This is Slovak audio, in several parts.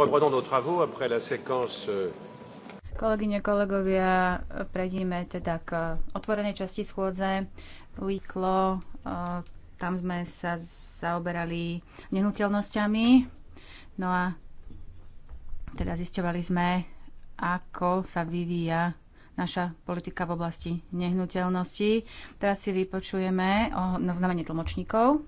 Euh, Kolegyne, kolegovia, prejdeme teda k eh, otvorenej časti schôdze. Líklo, eh, tam sme sa zaoberali nehnuteľnosťami. No a teda zisťovali sme, ako sa vyvíja naša politika v oblasti nehnuteľnosti. Teraz si vypočujeme o no, znamenie tlmočníkov.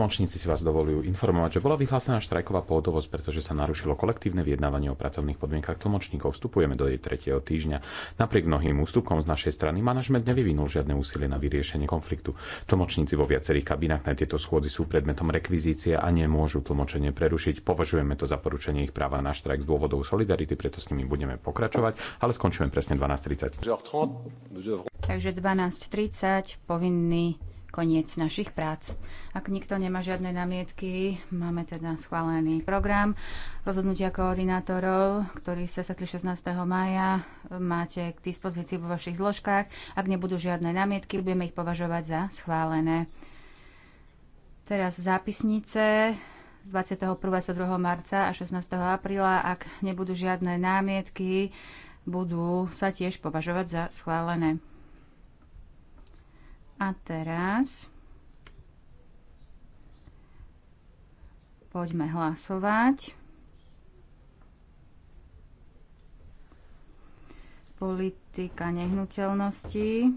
Tlmočníci si vás dovolujú informovať, že bola vyhlásená štrajková pôdovosť, pretože sa narušilo kolektívne vyjednávanie o pracovných podmienkach tlmočníkov. Vstupujeme do jej tretieho týždňa. Napriek mnohým ústupkom z našej strany manažment nevyvinul žiadne úsilie na vyriešenie konfliktu. Tlmočníci vo viacerých kabinách na tieto schôdzi sú predmetom rekvizície a nemôžu tlmočenie prerušiť. Považujeme to za poručenie ich práva na štrajk z dôvodov solidarity, preto s nimi budeme pokračovať, ale skončíme presne 12.30. Takže 12.30 povinný koniec našich prác. Ak nikto nemá žiadne namietky, máme teda schválený program rozhodnutia koordinátorov, ktorý sa setli 16. maja, máte k dispozícii vo vašich zložkách. Ak nebudú žiadne namietky, budeme ich považovať za schválené. Teraz zápisnice 21. 22. marca a 16. apríla, ak nebudú žiadne námietky, budú sa tiež považovať za schválené. A teraz poďme hlasovať. Politika nehnuteľnosti.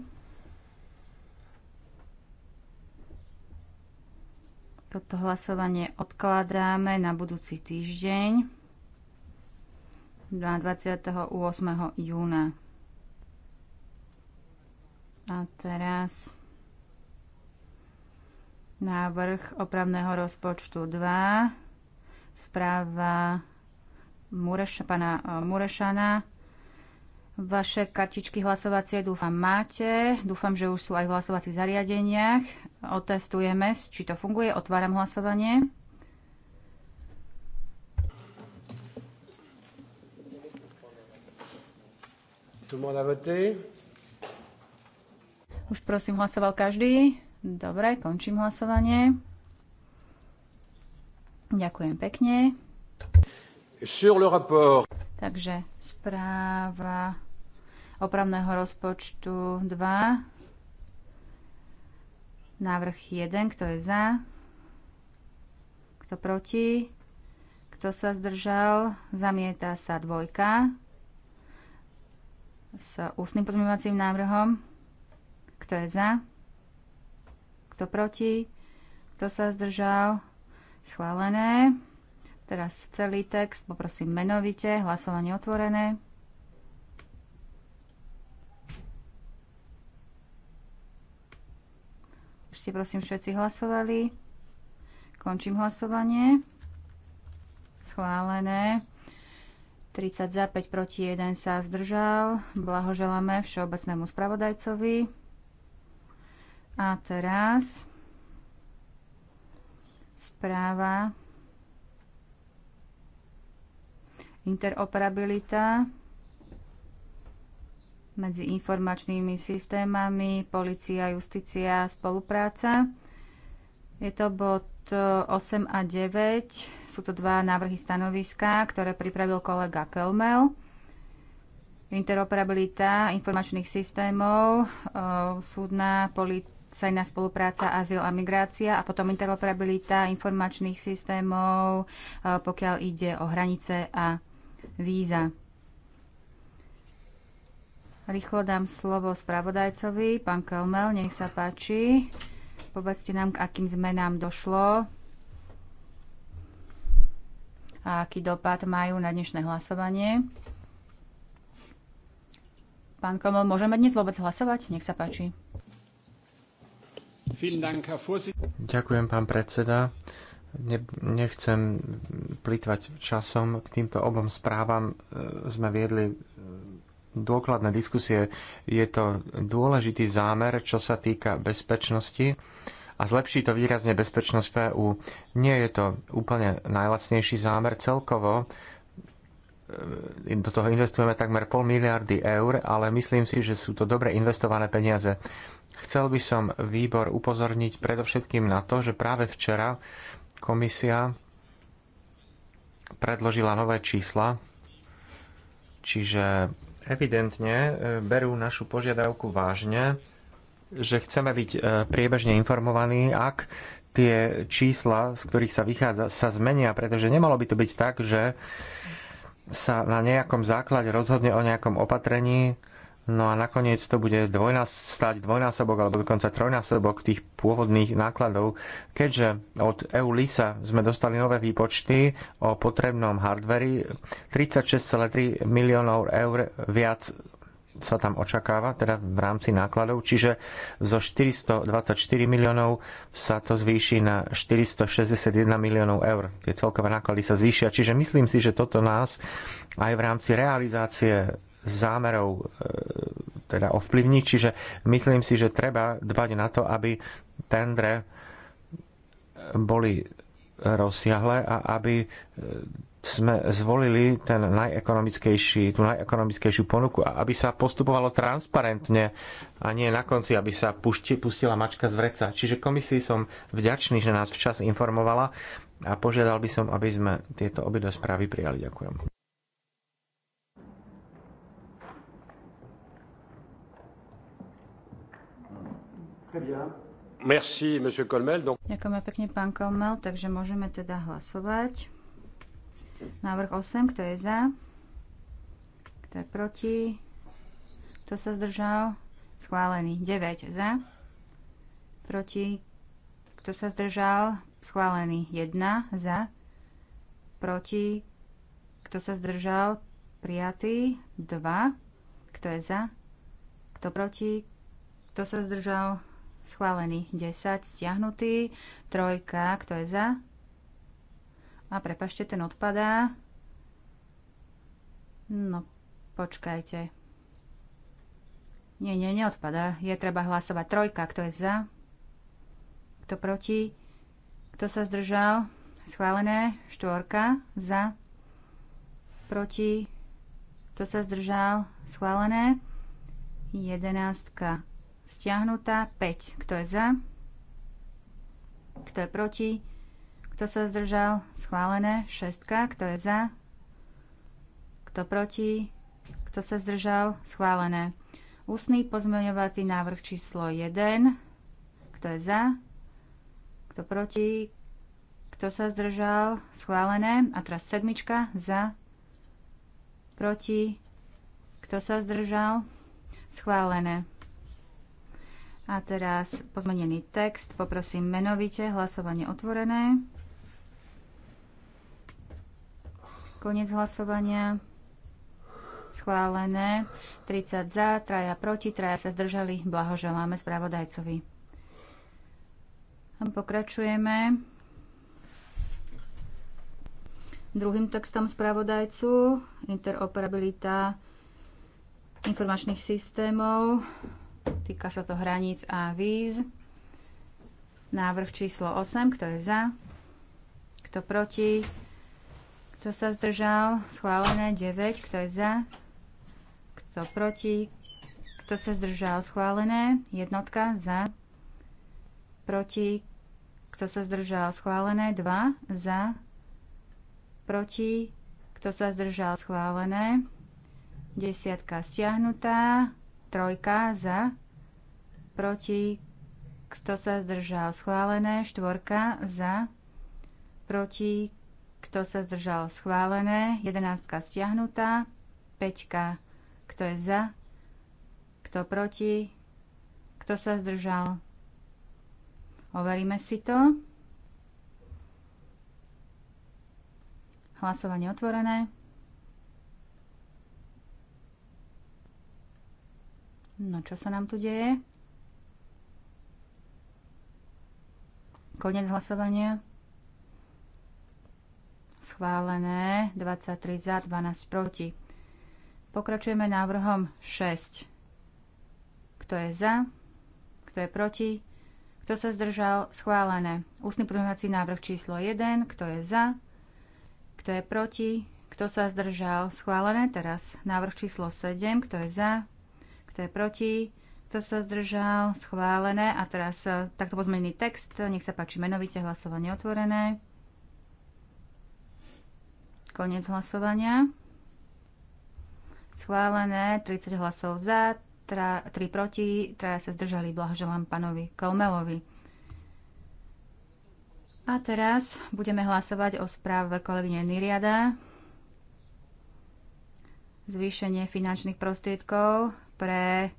Toto hlasovanie odkladáme na budúci týždeň 28. júna. A teraz návrh opravného rozpočtu 2, správa Mureš, pana eh, Murešana. Vaše kartičky hlasovacie dúfam máte. Dúfam, že už sú aj v hlasovacích zariadeniach. Otestujeme, či to funguje. Otváram hlasovanie. Už prosím hlasoval každý. Dobre, končím hlasovanie. Ďakujem pekne. Sur le rapport. Takže správa opravného rozpočtu 2. Návrh 1. Kto je za? Kto proti? Kto sa zdržal? Zamieta sa dvojka s ústnym pozmeňovacím návrhom. Kto je za? Kto proti? Kto sa zdržal? Schválené. Teraz celý text, poprosím menovite, hlasovanie otvorené. Ešte prosím všetci hlasovali. Končím hlasovanie. Schválené. 30 za, 5 proti, 1 sa zdržal. Blahoželáme všeobecnému spravodajcovi. A teraz správa interoperabilita medzi informačnými systémami, policia, justícia, spolupráca. Je to bod 8 e, a 9. Sú to dva návrhy stanoviska, ktoré pripravil kolega Kelmel. Interoperabilita informačných systémov, e, súdna, polit- policajná spolupráca, azyl a migrácia a potom interoperabilita informačných systémov, e, pokiaľ ide o hranice a víza. Rýchlo dám slovo spravodajcovi, pán Kelmel, nech sa páči. Povedzte nám, k akým zmenám došlo a aký dopad majú na dnešné hlasovanie. Pán Komel, môžeme dnes vôbec hlasovať? Nech sa páči. Ďakujem, pán predseda. Ne, nechcem plýtvať časom. K týmto obom správam e, sme viedli e, dôkladné diskusie. Je to dôležitý zámer, čo sa týka bezpečnosti a zlepší to výrazne bezpečnosť v EU. Nie je to úplne najlacnejší zámer celkovo. E, do toho investujeme takmer pol miliardy eur, ale myslím si, že sú to dobre investované peniaze. Chcel by som výbor upozorniť predovšetkým na to, že práve včera komisia predložila nové čísla, čiže evidentne e, berú našu požiadavku vážne, že chceme byť e, priebežne informovaní, ak tie čísla, z ktorých sa vychádza, sa zmenia, pretože nemalo by to byť tak, že sa na nejakom základe rozhodne o nejakom opatrení, No a nakoniec to bude dvojnás, stať dvojnásobok alebo dokonca trojnásobok tých pôvodných nákladov, keďže od EULISA sme dostali nové výpočty o potrebnom hardveri 36,3 miliónov eur viac sa tam očakáva, teda v rámci nákladov, čiže zo 424 miliónov sa to zvýši na 461 miliónov eur. Tie celkové náklady sa zvýšia, čiže myslím si, že toto nás aj v rámci realizácie zámerov e, teda ovplyvniť, čiže myslím si, že treba dbať na to, aby tendre boli rozsiahle a aby e, sme zvolili ten najekonomickejší, tú najekonomickejšiu ponuku a aby sa postupovalo transparentne a nie na konci, aby sa pušti, pustila mačka z vreca. Čiže komisii som vďačný, že nás včas informovala a požiadal by som, aby sme tieto obidve správy prijali. Ďakujem. Merci, Colmel. Donc... Ďakujeme pekne, pán Kolmel, takže môžeme teda hlasovať. Návrh 8, kto je za? Kto je proti? Kto sa zdržal? Schválený. 9 za. Proti. Kto sa zdržal? Schválený. 1 za. Proti. Kto sa zdržal? Prijatý. 2. Kto je za? Kto proti? Kto sa zdržal? schválený, 10 stiahnutý, trojka, kto je za? A prepašte, ten odpadá. No, počkajte. Nie, nie, neodpadá. Je treba hlasovať trojka, kto je za? Kto proti? Kto sa zdržal? Schválené, štvorka, za, proti, kto sa zdržal? Schválené, jedenáctka, stiahnutá. 5. Kto je za? Kto je proti? Kto sa zdržal? Schválené. 6. Kto je za? Kto proti? Kto sa zdržal? Schválené. Ústny pozmeňovací návrh číslo 1. Kto je za? Kto proti? Kto sa zdržal? Schválené. A teraz sedmička. Za? Proti? Kto sa zdržal? Schválené. A teraz pozmenený text. Poprosím menovite. Hlasovanie otvorené. Koniec hlasovania. Schválené. 30 za, traja proti, traja sa zdržali. Blahoželáme spravodajcovi. A pokračujeme druhým textom spravodajcu. Interoperabilita informačných systémov. Týka sa to hraníc a víz. Návrh číslo 8. Kto je za? Kto proti? Kto sa zdržal? Schválené 9. Kto je za? Kto proti? Kto sa zdržal? Schválené. Jednotka za. Proti. Kto sa zdržal? Schválené. 2. Za. Proti. Kto sa zdržal? Schválené. Desiatka stiahnutá trojka za, proti, kto sa zdržal schválené, štvorka za, proti, kto sa zdržal schválené, jedenáctka stiahnutá, peťka, kto je za, kto proti, kto sa zdržal. Overíme si to. Hlasovanie otvorené. No čo sa nám tu deje? Konec hlasovania. Schválené 23 za, 12 proti. Pokračujeme návrhom 6. Kto je za? Kto je proti? Kto sa zdržal? Schválené. Ústny pozmeňovací návrh číslo 1. Kto je za? Kto je proti? Kto sa zdržal? Schválené. Teraz návrh číslo 7. Kto je za? Kto je proti? Kto sa zdržal? Schválené. A teraz e, takto pozmenený text. Nech sa páči menovite. Hlasovanie otvorené. Konec hlasovania. Schválené. 30 hlasov za, 3 proti, 3 sa zdržali. Blahoželám pánovi Kolmelovi. A teraz budeme hlasovať o správe kolegyne Niriada. Zvýšenie finančných prostriedkov pre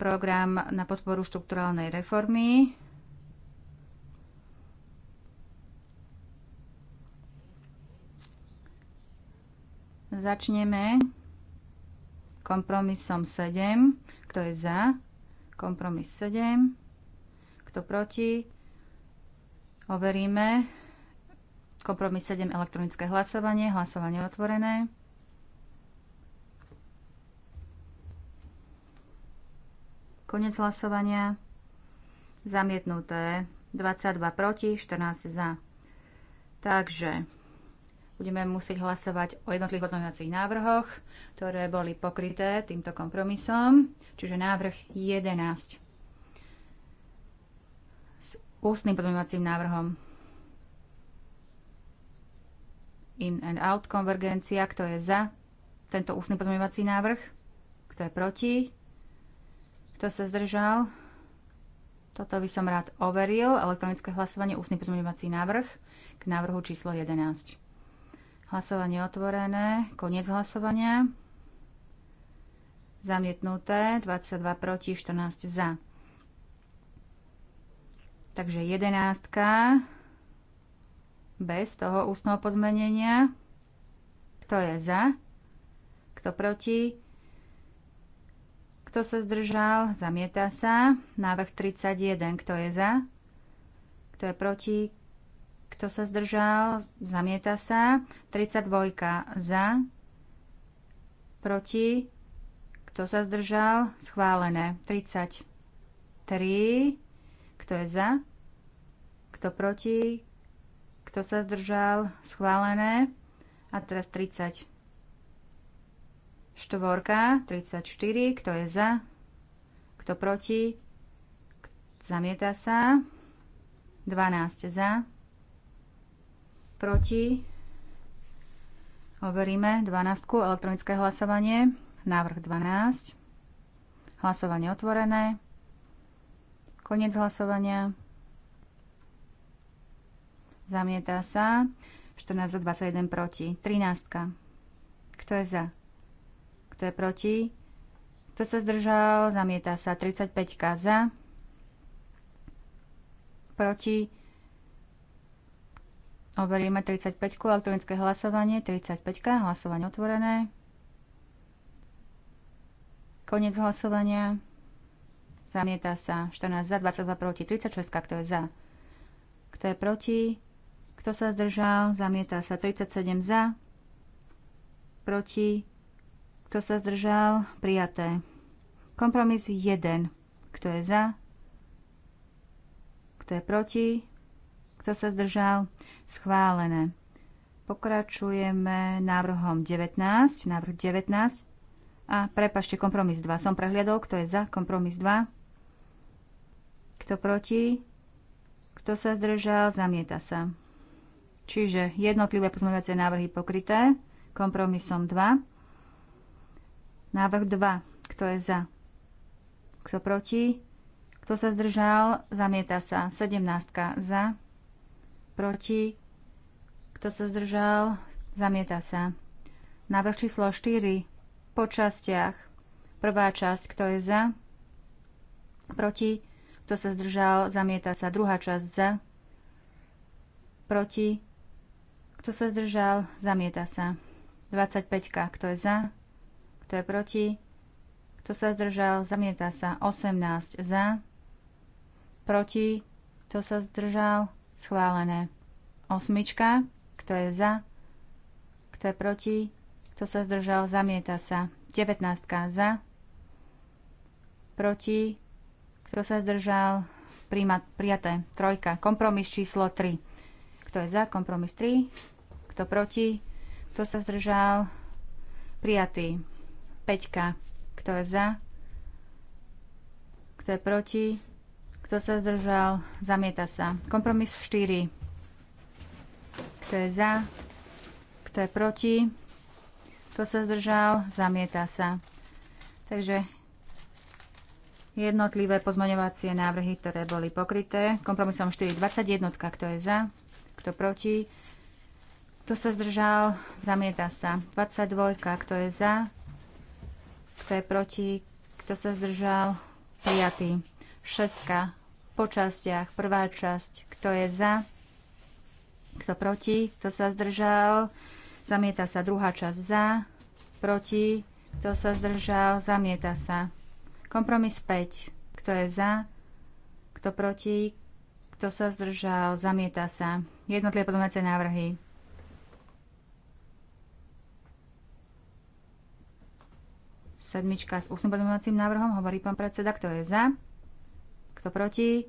program na podporu štrukturálnej reformy. Začneme kompromisom 7. Kto je za? Kompromis 7. Kto proti? Overíme. Kompromis 7. Elektronické hlasovanie. Hlasovanie otvorené. Konec hlasovania. Zamietnuté. 22 proti, 14 za. Takže budeme musieť hlasovať o jednotlivých pozmeňovacích návrhoch, ktoré boli pokryté týmto kompromisom, čiže návrh 11 s ústnym pozmeňovacím návrhom in and out konvergencia, kto je za tento ústny pozmeňovací návrh, kto je proti, kto sa zdržal? Toto by som rád overil. Elektronické hlasovanie, ústny pozmeňovací návrh k návrhu číslo 11. Hlasovanie otvorené, koniec hlasovania. Zamietnuté, 22 proti, 14 za. Takže jedenástka bez toho ústneho pozmenenia. Kto je za? Kto proti? Kto sa zdržal? Zamieta sa. Návrh 31. Kto je za? Kto je proti? Kto sa zdržal? Zamieta sa. 32. Za. Proti. Kto sa zdržal? Schválené. 33. Kto je za? Kto proti? Kto sa zdržal? Schválené. A teraz 30. Štvorka, 34, kto je za, kto proti, zamieta sa. 12 za, proti, overíme 12, elektronické hlasovanie, návrh 12, hlasovanie otvorené, koniec hlasovania, zamieta sa, 14 za 21 proti, 13. Kto je za? Kto je proti? Kto sa zdržal? Zamieta sa. 35 za. Proti? Overíme 35 elektronické hlasovanie. 35 hlasovanie otvorené. Koniec hlasovania. Zamieta sa. 14 za, 22 proti, 36, kto je za. Kto je proti? Kto sa zdržal? Zamieta sa. 37 za, proti, kto sa zdržal? Prijaté. Kompromis 1. Kto je za? Kto je proti? Kto sa zdržal? Schválené. Pokračujeme návrhom 19, návrh 19. A prepašte, kompromis 2. Som prehliadol, kto je za kompromis 2. Kto proti? Kto sa zdržal? Zamieta sa. Čiže jednotlivé pozmeňovacie návrhy pokryté kompromisom 2. Návrh 2. Kto je za? Kto proti? Kto sa zdržal? Zamieta sa. 17. Za. Proti. Kto sa zdržal? Zamieta sa. Návrh číslo 4. Po častiach. Prvá časť. Kto je za? Proti. Kto sa zdržal? Zamieta sa. Druhá časť. Za. Proti. Kto sa zdržal? Zamieta sa. 25. Kto je za? Kto je proti? Kto sa zdržal? Zamieta sa. 18 za. Proti? Kto sa zdržal? Schválené. Osmička. Kto je za? Kto je proti? Kto sa zdržal? Zamieta sa. 19 za. Proti? Kto sa zdržal? prijaté. Trojka. Kompromis číslo 3. Kto je za? Kompromis 3. Kto proti? Kto sa zdržal? Prijatý. Peťka. Kto je za? Kto je proti? Kto sa zdržal? Zamieta sa. Kompromis 4. Kto je za? Kto je proti? Kto sa zdržal? Zamieta sa. Takže jednotlivé pozmaňovacie návrhy, ktoré boli pokryté. Kompromisom 4.21, kto je za, kto proti, kto sa zdržal, zamieta sa. 22, kto je za, kto je proti? Kto sa zdržal? Prijatý. Šestka po častiach. Prvá časť. Kto je za? Kto proti? Kto sa zdržal? Zamieta sa. Druhá časť za. Proti? Kto sa zdržal? Zamieta sa. Kompromis 5. Kto je za? Kto proti? Kto sa zdržal? Zamieta sa. Jednotlivé pozmeňujúce návrhy. Sedmička s ústnym pozmeňovacím návrhom, hovorí pán predseda, kto je za, kto proti,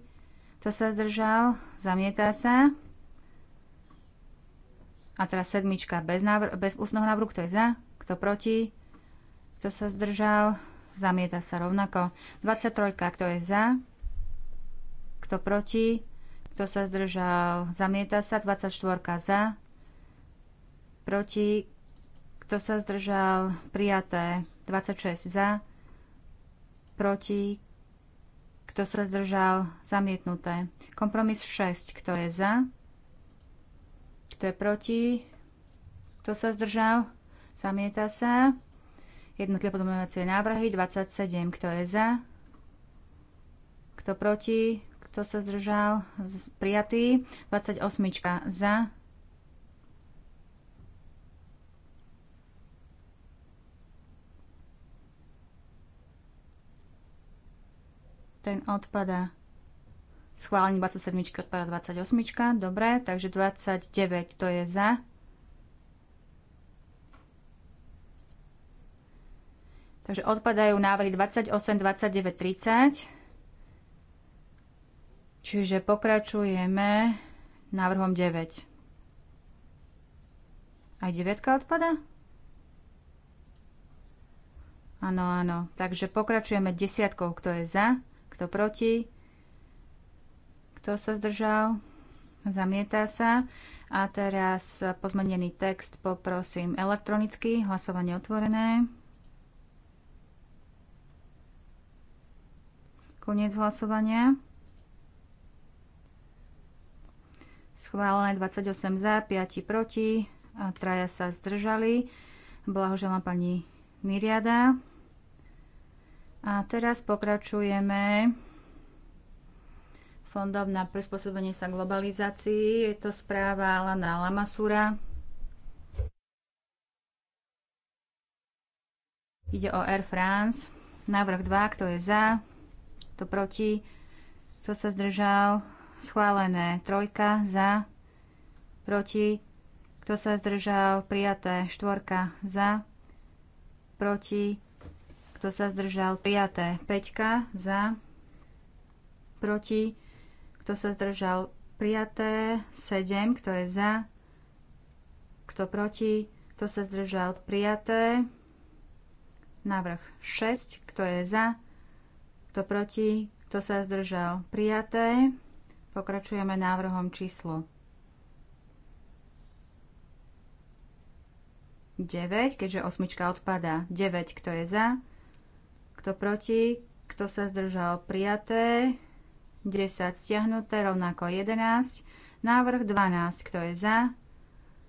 kto sa zdržal, zamieta sa. A teraz sedmička bez, návr- bez ústneho návrhu, kto je za, kto proti, kto sa zdržal, zamieta sa rovnako. 23, kto je za, kto proti, kto sa zdržal, zamieta sa. 24 za, proti, kto sa zdržal, prijaté. 26 za, proti, kto sa zdržal, zamietnuté. Kompromis 6, kto je za, kto je proti, kto sa zdržal, zamieta sa. Jednotlivé podmenovacie návrhy 27, kto je za, kto proti, kto sa zdržal, prijatý. 28 za, ten odpada. Schválenie 27 odpada 28. Dobre, takže 29 to je za. Takže odpadajú návrhy 28, 29, 30. Čiže pokračujeme návrhom 9. Aj 9 odpada? Áno, áno. Takže pokračujeme desiatkou, kto je za. Kto proti? Kto sa zdržal? Zamieta sa. A teraz pozmenený text poprosím elektronicky. Hlasovanie otvorené. Koniec hlasovania. Schválené 28 za, 5 proti a traja sa zdržali. Blahoželám pani Niriada. A teraz pokračujeme fondom na prispôsobenie sa globalizácii. Je to správa Alana Lamasura. Ide o Air France. Návrh 2, kto je za, kto proti, kto sa zdržal, schválené. Trojka, za, proti, kto sa zdržal, prijaté. Štvorka, za, proti, kto sa zdržal? Prijaté. 5 za. Proti. Kto sa zdržal? Prijaté. 7. Kto je za? Kto proti? Kto sa zdržal? Prijaté. Návrh 6. Kto je za? Kto proti? Kto sa zdržal? Prijaté. Pokračujeme návrhom číslo 9, keďže osmička odpadá. 9, kto je za? Kto proti? Kto sa zdržal? Prijaté. 10 stiahnuté, rovnako 11. Návrh 12. Kto je za?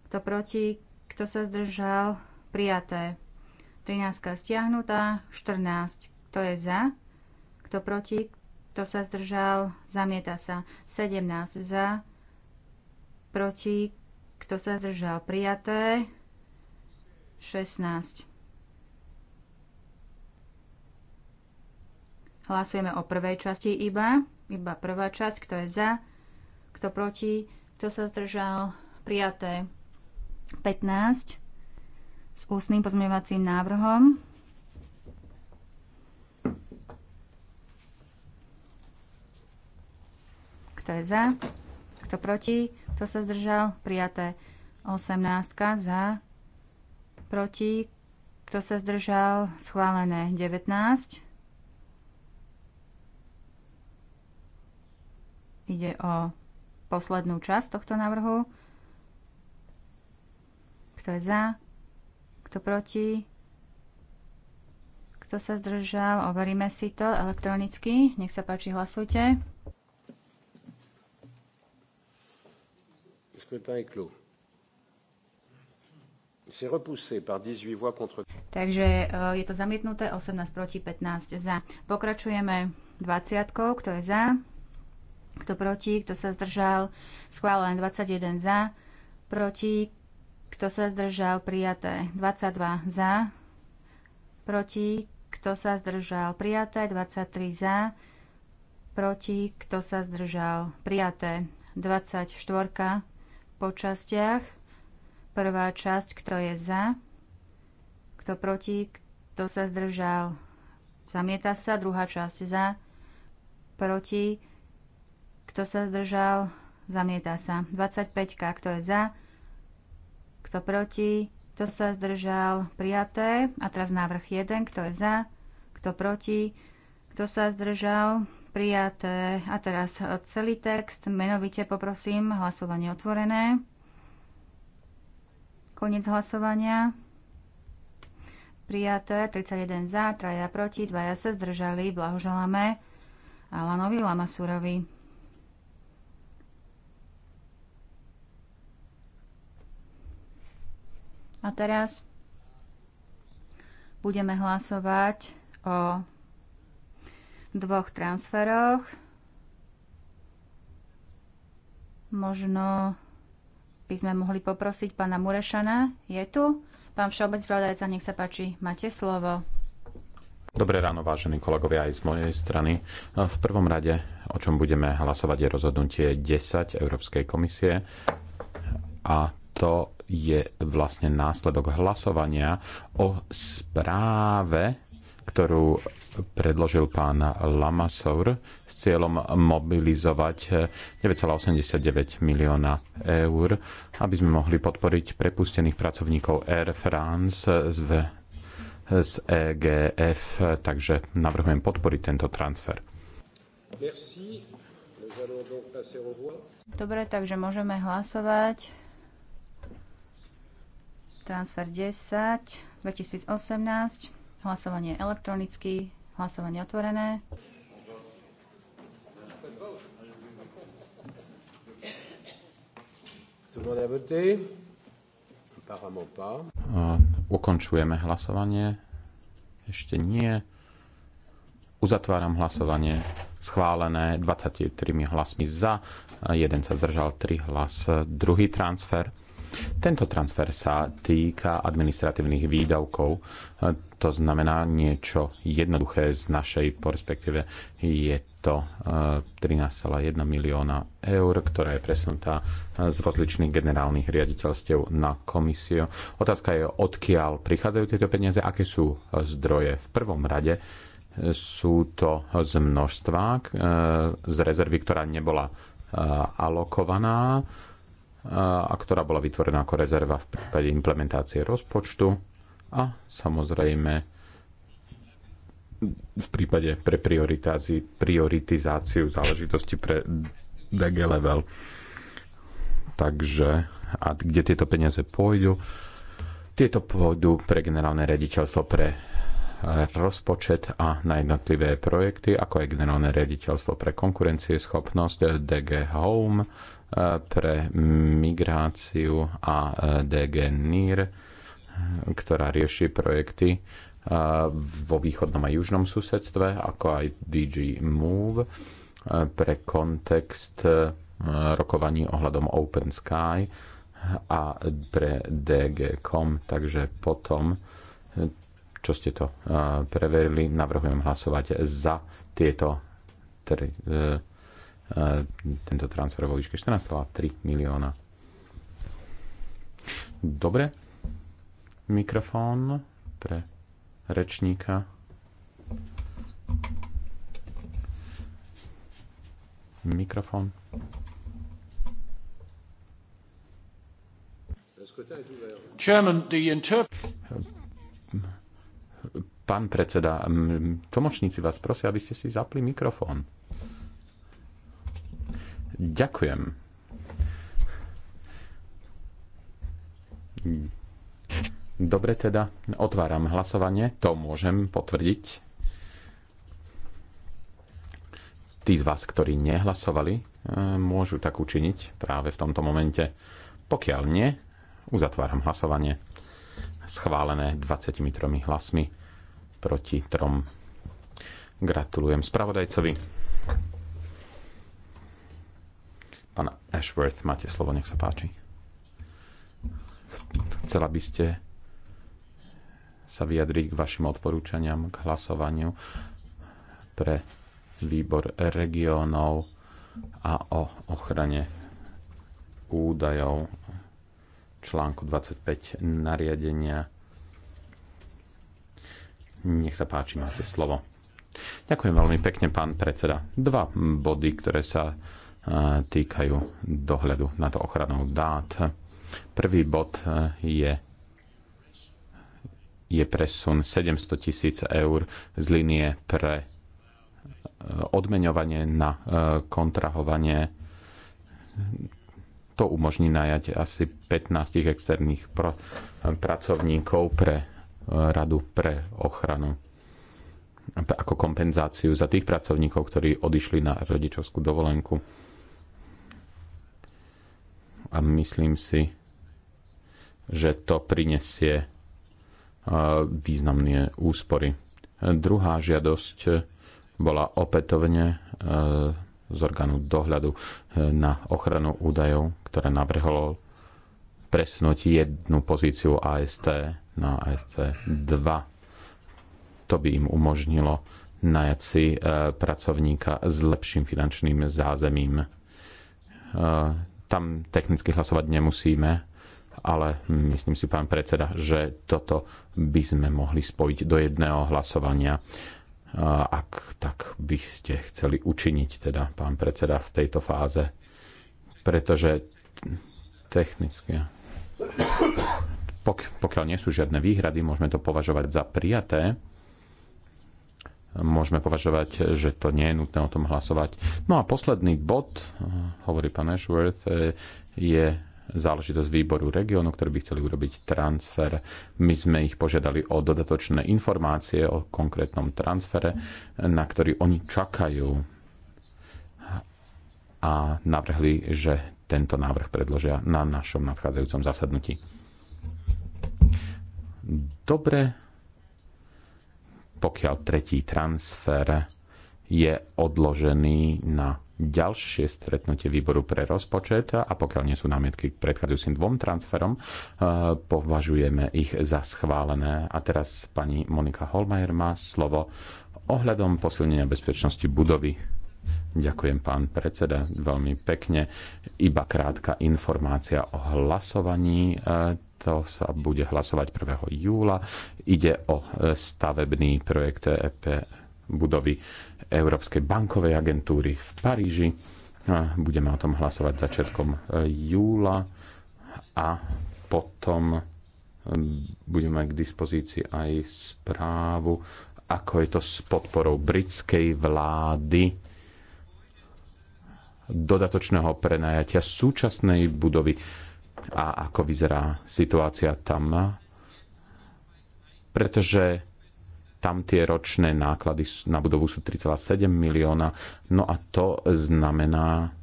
Kto proti? Kto sa zdržal? Prijaté. 13 stiahnutá, 14. Kto je za? Kto proti? Kto sa zdržal? Zamieta sa. 17 za, proti? Kto sa zdržal? Prijaté. 16. Hlasujeme o prvej časti iba. Iba prvá časť, kto je za, kto proti, kto sa zdržal, prijaté 15 s ústnym pozmeňovacím návrhom. Kto je za? Kto proti? Kto sa zdržal? Prijaté 18 za, proti, kto sa zdržal? Schválené 19. Ide o poslednú časť tohto návrhu. Kto je za? Kto proti? Kto sa zdržal? Overíme si to elektronicky. Nech sa páči, hlasujte. Takže eh, je to zamietnuté, 18 proti 15 za. Pokračujeme 20. Kto je za? Kto proti? Kto sa zdržal? Schválené 21 za. Proti? Kto sa zdržal? Prijaté 22 za. Proti? Kto sa zdržal? Prijaté 23 za. Proti? Kto sa zdržal? Prijaté 24 po častiach. Prvá časť, kto je za, kto proti, kto sa zdržal. Zamieta sa, druhá časť za, proti, kto sa zdržal? Zamieta sa. 25. Kto je za? Kto proti? Kto sa zdržal? Prijaté. A teraz návrh 1. Kto je za? Kto proti? Kto sa zdržal? Prijaté. A teraz celý text. Menovite poprosím. Hlasovanie otvorené. Koniec hlasovania. Prijaté. 31 za, 3 proti, 2 sa zdržali. Blahoželáme Alanovi Lamasurovi. A teraz budeme hlasovať o dvoch transferoch. Možno by sme mohli poprosiť pána Murešana. Je tu? Pán Všeobec Vladajca, nech sa páči, máte slovo. Dobré ráno, vážení kolegovia, aj z mojej strany. V prvom rade, o čom budeme hlasovať, je rozhodnutie 10 Európskej komisie a to je vlastne následok hlasovania o správe, ktorú predložil pán Lamasour s cieľom mobilizovať 9,89 milióna eur, aby sme mohli podporiť prepustených pracovníkov Air France z, z EGF. Takže navrhujem podporiť tento transfer. Dobre, takže môžeme hlasovať transfer 10, 2018, hlasovanie elektronicky, hlasovanie otvorené. Ukončujeme hlasovanie. Ešte nie. Uzatváram hlasovanie. Schválené 23 hlasmi za, jeden sa zdržal, 3 hlas, druhý transfer. Tento transfer sa týka administratívnych výdavkov, to znamená niečo jednoduché z našej perspektíve. Je to 13,1 eh, milióna eur, ktorá je presunutá eh, z rozličných generálnych riaditeľstiev na komisiu. Otázka je, odkiaľ prichádzajú tieto peniaze, aké sú eh, zdroje. V prvom rade sú to z množstva, z rezervy, ktorá nebola alokovaná a ktorá bola vytvorená ako rezerva v prípade implementácie rozpočtu a samozrejme v prípade pre prioritizáciu záležitosti pre DG level. Takže a kde tieto peniaze pôjdu? Tieto pôjdu pre generálne rediteľstvo pre rozpočet a na jednotlivé projekty, ako je generálne rediteľstvo pre konkurencieschopnosť, DG Home pre migráciu a e, DGNIR, NIR, e, ktorá rieši projekty e, vo východnom a južnom susedstve, ako aj DG Move pre kontext rokovaní ohľadom Open Sky a pre DG.com. Takže potom, čo ste to preverili, navrhujem hlasovať za tieto tri E, tento transfer vo výške 14,3 milióna. Dobre. Mikrofón pre rečníka. Mikrofón. Chairman, the interp- Pán predseda, tlmočníci vás prosia, aby ste si zapli mikrofón. Ďakujem. Dobre teda, otváram hlasovanie, to môžem potvrdiť. Tí z vás, ktorí nehlasovali, e, môžu tak učiniť práve v tomto momente. Pokiaľ nie, uzatváram hlasovanie. Schválené 23 hlasmi proti trom. Gratulujem spravodajcovi. Pán Ashworth, máte slovo, nech sa páči. Chcela by ste sa vyjadriť k vašim odporúčaniam, k hlasovaniu pre výbor regiónov a o ochrane údajov článku 25 nariadenia. Nech sa páči, máte slovo. Ďakujem veľmi pekne, pán predseda. Dva body, ktoré sa týkajú dohľadu nad ochranou dát. Prvý bod e, je, je presun 700 tisíc eur z linie pre e, odmeňovanie na e, kontrahovanie. To umožní najať asi 15 externých pr pracovníkov pre Radu pre ochranu ako kompenzáciu za tých pracovníkov, ktorí odišli na rodičovskú dovolenku a myslím si, že to prinesie e, významné úspory. Druhá žiadosť bola opätovne e, z orgánu dohľadu e, na ochranu údajov, ktoré navrhlo presunúť jednu pozíciu AST na ASC 2. To by im umožnilo najať si pracovníka s lepším finančným zázemím tam technicky hlasovať nemusíme, ale myslím si, pán predseda, že toto by sme mohli spojiť do jedného hlasovania, ak tak by ste chceli učiniť, teda pán predseda, v tejto fáze. Pretože technicky. Pok- pokiaľ nie sú žiadne výhrady, môžeme to považovať za prijaté môžeme považovať, že to nie je nutné o tom hlasovať. No a posledný bod, eh, hovorí pán Ashworth, eh, je záležitosť výboru regiónu, ktorý by chceli urobiť transfer. My sme ich požiadali o dodatočné informácie o konkrétnom transfere, na ktorý oni čakajú a navrhli, že tento návrh predložia na našom nadchádzajúcom zasadnutí. Dobre, pokiaľ tretí transfer je odložený na ďalšie stretnutie výboru pre rozpočet a pokiaľ nie sú námietky k predchádzajúcim dvom transferom, eh, považujeme ich za schválené. A teraz pani Monika Holmajer má slovo ohľadom posilnenia bezpečnosti budovy. Ďakujem, pán predseda, veľmi pekne. Iba krátka informácia o hlasovaní eh, to sa bude hlasovať 1. júla. Ide o e, stavebný projekt EP budovy Európskej bankovej agentúry v Paríži. Budeme o tom hlasovať začiatkom e, júla a potom e, budeme mať k dispozícii aj správu, ako je to s podporou britskej vlády dodatočného prenajatia súčasnej budovy a ako vyzerá situácia tam, pretože tam tie ročné náklady na budovu sú 3,7 milióna. No a to znamená,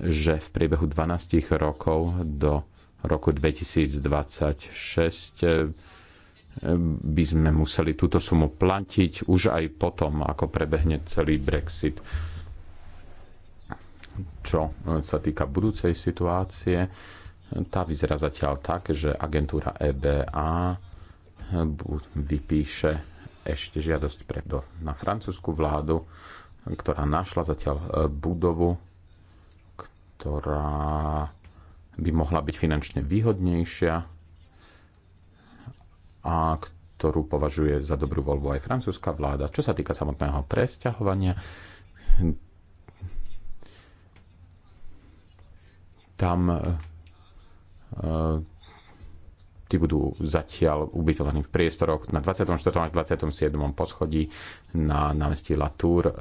že v priebehu 12 rokov do roku 2026 eh, by sme museli túto sumu platiť už aj potom, ako prebehne celý Brexit. Čo eh, sa týka budúcej situácie, tá vyzerá zatiaľ tak, že agentúra EBA vypíše ešte žiadosť pre do, na francúzsku vládu, ktorá našla zatiaľ e, budovu, ktorá by mohla byť finančne výhodnejšia a ktorú považuje za dobrú voľbu aj francúzska vláda. Čo sa týka samotného presťahovania, tam e, tí budú zatiaľ ubytovaní v priestoroch na 24. až 27. poschodí na námestí Latour eh,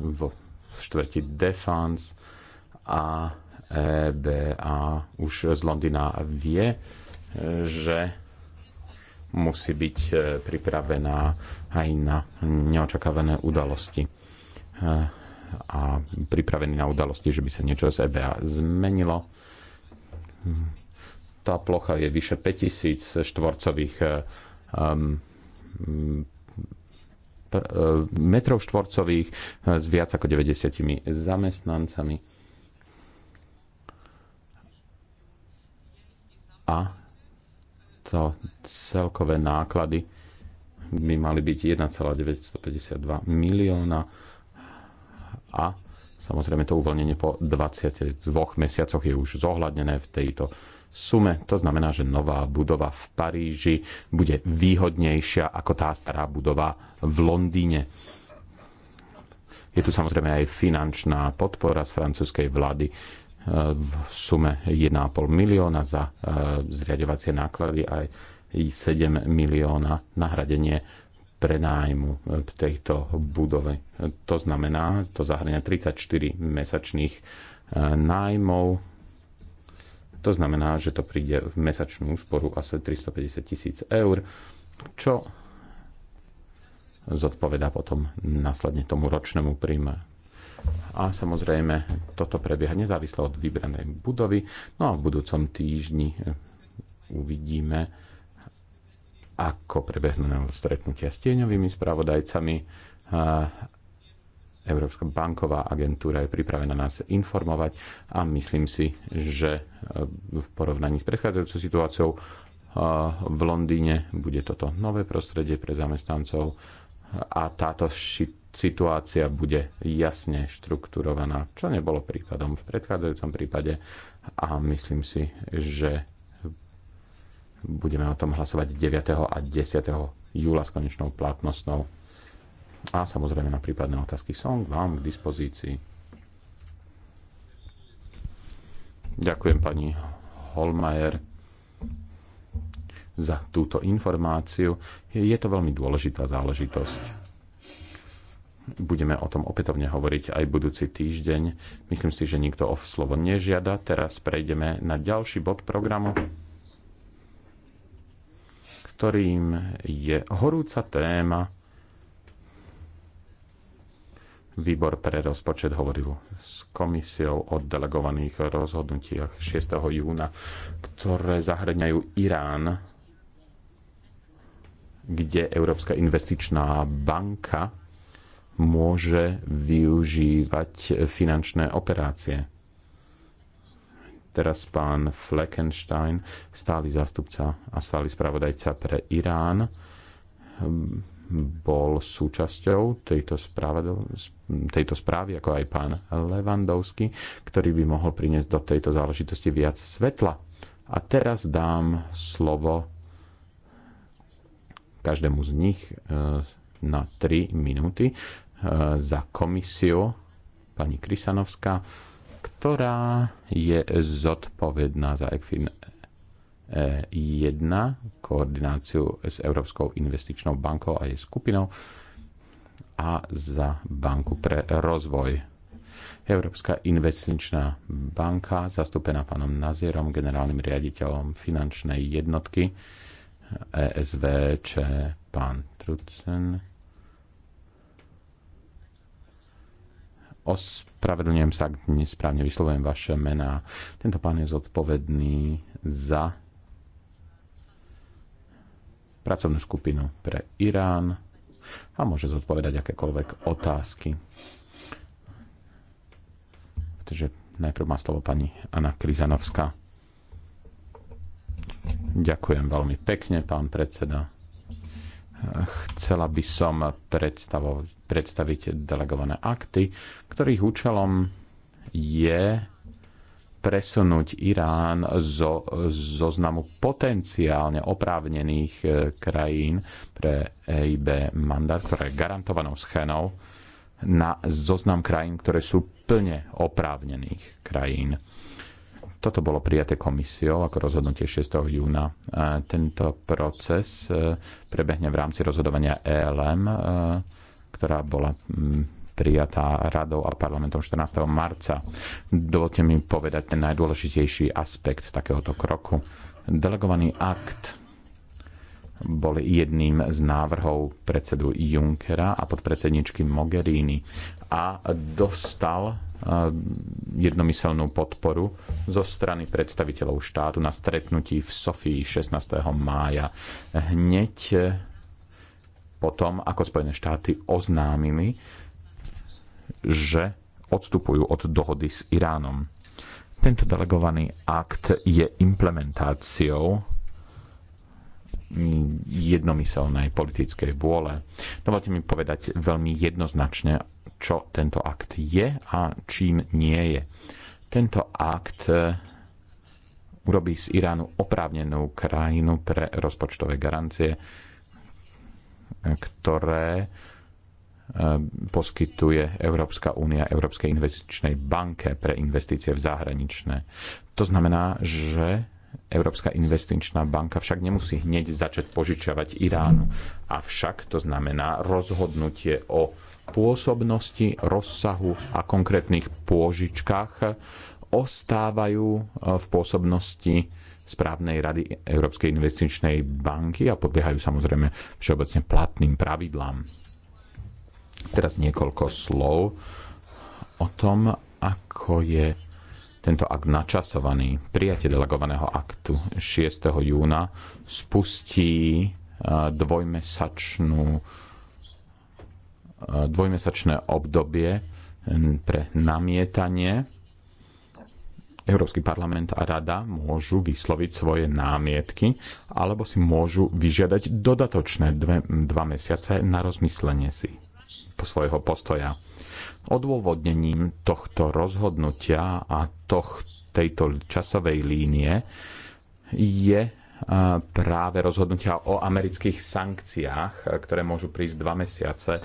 v štvrti Defense a EBA eh, už z Londýna vie, eh, že musí byť pripravená aj na neočakávané udalosti a pripravený na udalosti, že by sa niečo z EBA zmenilo tá plocha je vyše 5000 štvorcových um, metrov štvorcových eh, s viac ako 90 zamestnancami. A to celkové náklady by mali byť 1,952 milióna a samozrejme to uvoľnenie po 22 mesiacoch je už zohľadnené v tejto sume. To znamená, že nová budova v Paríži bude výhodnejšia ako tá stará budova v Londýne. Je tu samozrejme aj finančná podpora z francúzskej vlády e, v sume 1,5 milióna za e, zriadovacie náklady aj 7 milióna nahradenie prenájmu e, tejto budove. To znamená, to zahrania 34 mesačných nájmov to znamená, že to príde v mesačnú úsporu asi 350 tisíc eur, čo zodpoveda potom následne tomu ročnému príjme. A samozrejme, toto prebieha nezávisle od vybranej budovy. No a v budúcom týždni eh, uvidíme, ako prebehnú stretnutia s tieňovými spravodajcami Európska banková agentúra je pripravená nás informovať a myslím si, že e, v porovnaní s predchádzajúcou situáciou e, v Londýne bude toto nové prostredie pre zamestnancov a táto situácia bude jasne štrukturovaná, čo nebolo prípadom v predchádzajúcom prípade a myslím si, že budeme o tom hlasovať 9. a 10. júla s konečnou platnosťou a samozrejme na prípadné otázky som vám k dispozícii. Ďakujem pani Holmajer za túto informáciu. Je to veľmi dôležitá záležitosť. Budeme o tom opätovne hovoriť aj budúci týždeň. Myslím si, že nikto o slovo nežiada. Teraz prejdeme na ďalší bod programu, ktorým je horúca téma Výbor pre rozpočet hovoril s komisiou o delegovaných rozhodnutiach 6. júna, ktoré zahrňajú Irán, kde Európska investičná banka môže využívať finančné operácie. Teraz pán Fleckenstein, stály zástupca a stály spravodajca pre Irán, bol súčasťou tejto, správa, tejto správy, ako aj pán Levandovský, ktorý by mohol priniesť do tejto záležitosti viac svetla. A teraz dám slovo každému z nich eh, na 3 minúty eh, za komisiu pani Krysanovská, ktorá je zodpovedná za 1, e koordináciu s Európskou investičnou bankou a jej skupinou a za Banku pre rozvoj. Európska investičná banka, zastúpená pánom Nazierom, generálnym riaditeľom finančnej jednotky ESVČ, pán Trucen. Ospravedlňujem sa, ak nesprávne vyslovujem vaše mená. Tento pán je zodpovedný za pracovnú skupinu pre Irán a môže zodpovedať akékoľvek otázky. Takže najprv má slovo pani Anna Krizanovská. Ďakujem veľmi pekne, pán predseda. Chcela by som predstaviť delegované akty, ktorých účelom je presunúť Irán zo zoznamu potenciálne oprávnených e, krajín pre EIB mandát, ktoré je garantovanou schénou, na zoznam krajín, ktoré sú plne oprávnených krajín. Toto bolo prijaté komisiou ako rozhodnutie 6. júna. E, tento proces e, prebehne v rámci rozhodovania ELM, ktorá bola prijatá radou a parlamentom 14. marca. Dovolte mi povedať ten najdôležitejší aspekt takéhoto kroku. Delegovaný akt bol jedným z návrhov predsedu Junckera a podpredsedničky Mogherini a dostal eh, jednomyselnú podporu zo strany predstaviteľov štátu na stretnutí v Sofii 16. mája. Hneď potom, ako Spojené štáty oznámili, že odstupujú od dohody s Iránom. Tento delegovaný akt je implementáciou jednomyselnej politickej vôle. Dovolte mi povedať veľmi jednoznačne, čo tento akt je a čím nie je. Tento akt e, urobí z Iránu oprávnenú krajinu pre rozpočtové garancie, e, ktoré Eh, poskytuje Európska únia Európskej investičnej banke pre investície v zahraničné. To znamená, že Európska investičná banka však nemusí hneď začať požičiavať Iránu. Avšak to znamená rozhodnutie o pôsobnosti, rozsahu a konkrétnych pôžičkách ostávajú eh, v pôsobnosti správnej rady Európskej investičnej banky a podliehajú samozrejme všeobecne platným pravidlám. Teraz niekoľko slov o tom, ako je tento akt načasovaný. Prijatie delegovaného aktu 6. júna spustí eh, dvojmesačnú, eh, dvojmesačné obdobie hm, pre namietanie. Európsky parlament a rada môžu vysloviť svoje námietky alebo si môžu vyžiadať dodatočné dve, dva mesiace na rozmyslenie si svojho postoja. Odôvodnením tohto rozhodnutia a toh, tejto časovej línie je e, práve rozhodnutia o amerických sankciách, ktoré môžu prísť dva mesiace e,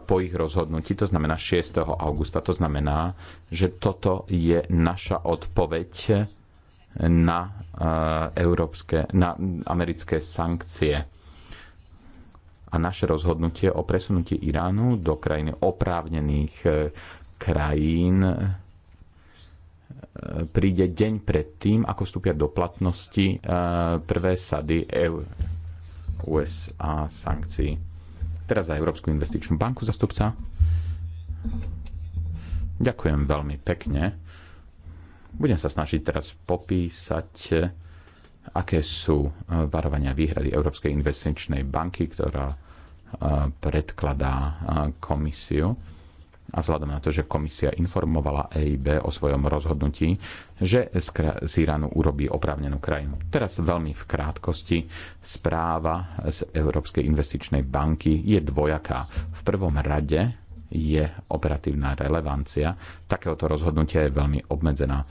po ich rozhodnutí, to znamená 6. augusta. To znamená, že toto je naša odpoveď na, e, európske, na americké sankcie a naše rozhodnutie o presunutí Iránu do krajiny oprávnených e, krajín e, príde deň pred tým, ako vstúpia do platnosti e, prvé sady USA sankcií. Teraz za Európsku investičnú banku zastupca. Ďakujem veľmi pekne. Budem sa snažiť teraz popísať, aké sú varovania výhrady Európskej investičnej banky, ktorá predkladá komisiu a vzhľadom na to, že komisia informovala EIB o svojom rozhodnutí, že z Iránu urobí oprávnenú krajinu. Teraz veľmi v krátkosti správa z Európskej investičnej banky je dvojaká. V prvom rade je operatívna relevancia. Takéhoto rozhodnutia je veľmi obmedzená.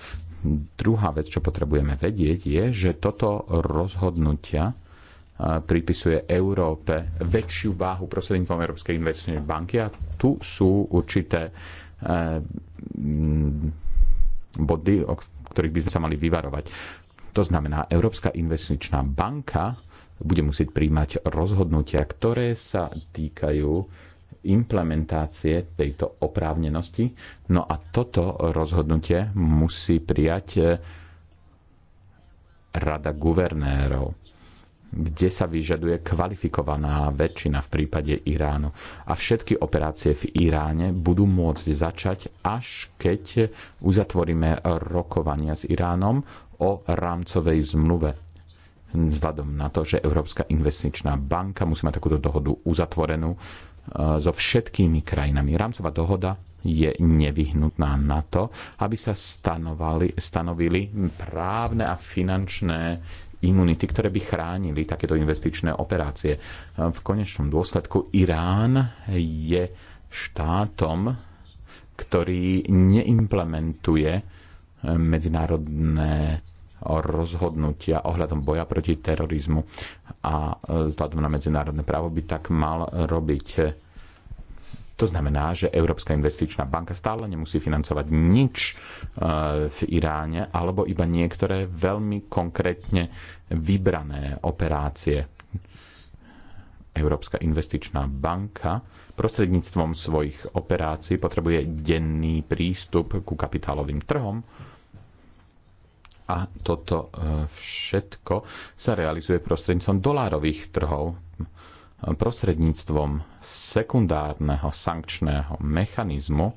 Druhá vec, čo potrebujeme vedieť, je, že toto rozhodnutia pripisuje Európe väčšiu váhu prostredníctvom Európskej investičnej banky a tu sú určité eh, body, o ktorých by sme sa mali vyvarovať. To znamená, Európska investičná banka bude musieť príjmať rozhodnutia, ktoré sa týkajú implementácie tejto oprávnenosti. No a toto rozhodnutie musí prijať eh, Rada guvernérov kde sa vyžaduje kvalifikovaná väčšina v prípade Iránu. A všetky operácie v Iráne budú môcť začať, až keď uzatvoríme rokovania s Iránom o rámcovej zmluve vzhľadom na to, že Európska investičná banka musí mať takúto dohodu uzatvorenú e, so všetkými krajinami. Rámcová dohoda je nevyhnutná na to, aby sa stanovali, stanovili právne a finančné imunity, ktoré by chránili takéto investičné operácie. V konečnom dôsledku Irán je štátom, ktorý neimplementuje medzinárodné rozhodnutia ohľadom boja proti terorizmu a vzhľadom na medzinárodné právo by tak mal robiť to znamená, že Európska investičná banka stále nemusí financovať nič e, v Iráne alebo iba niektoré veľmi konkrétne vybrané operácie. Európska investičná banka prostredníctvom svojich operácií potrebuje denný prístup ku kapitálovým trhom a toto e, všetko sa realizuje prostredníctvom dolárových trhov prostredníctvom sekundárneho sankčného mechanizmu,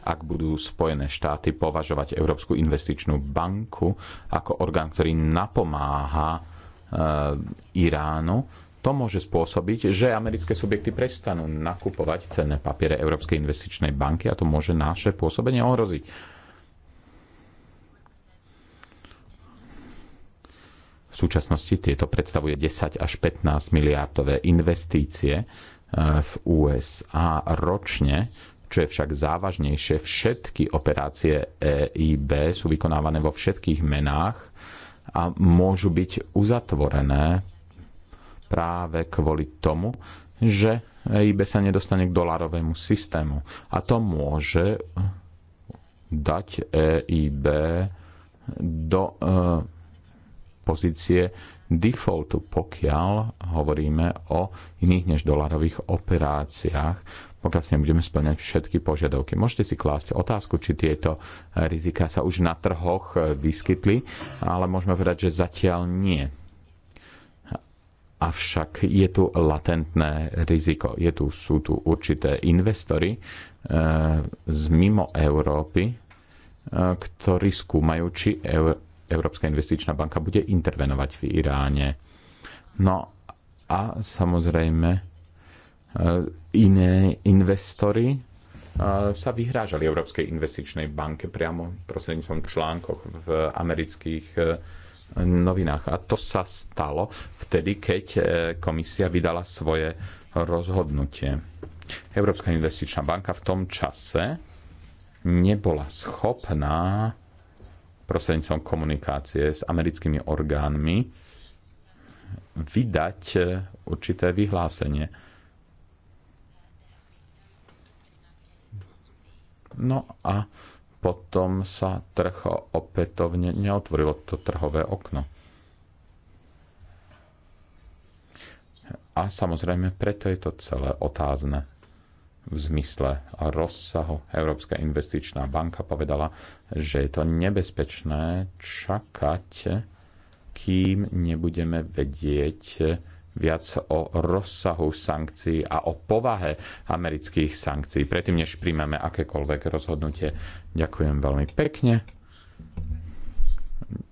ak budú Spojené štáty považovať Európsku investičnú banku ako orgán, ktorý napomáha e, Iránu, to môže spôsobiť, že americké subjekty prestanú nakupovať cenné papiere Európskej investičnej banky a to môže naše pôsobenie ohroziť. súčasnosti tieto predstavuje 10 až 15 miliardové investície e, v USA ročne, čo je však závažnejšie, všetky operácie EIB sú vykonávané vo všetkých menách a môžu byť uzatvorené práve kvôli tomu, že EIB sa nedostane k dolarovému systému. A to môže dať EIB do Uh, pozície defaultu, pokiaľ hovoríme o iných než dolarových operáciách, pokiaľ si nebudeme splňať všetky požiadavky. Môžete si klásť otázku, či tieto rizika sa už na trhoch vyskytli, ale môžeme povedať, že zatiaľ nie. Avšak je tu latentné riziko. Je tu, sú tu určité investory e, z mimo Európy, e, ktorí skúmajú, či Európska investičná banka bude intervenovať v Iráne. No a samozrejme e, iné investory e, sa vyhrážali Európskej investičnej banke priamo prostredníctvom článkoch v amerických e, novinách. A to sa stalo vtedy, keď komisia vydala svoje rozhodnutie. Európska investičná banka v tom čase nebola schopná prostredníctvom komunikácie s americkými orgánmi vydať eh, určité vyhlásenie. No a potom sa trh opätovne neotvorilo to trhové okno. A samozrejme, preto je to celé otázne v zmysle rozsahu. Európska investičná banka povedala, že je to nebezpečné čakať, kým nebudeme vedieť viac o rozsahu sankcií a o povahe amerických sankcií, predtým než príjmeme akékoľvek rozhodnutie. Ďakujem veľmi pekne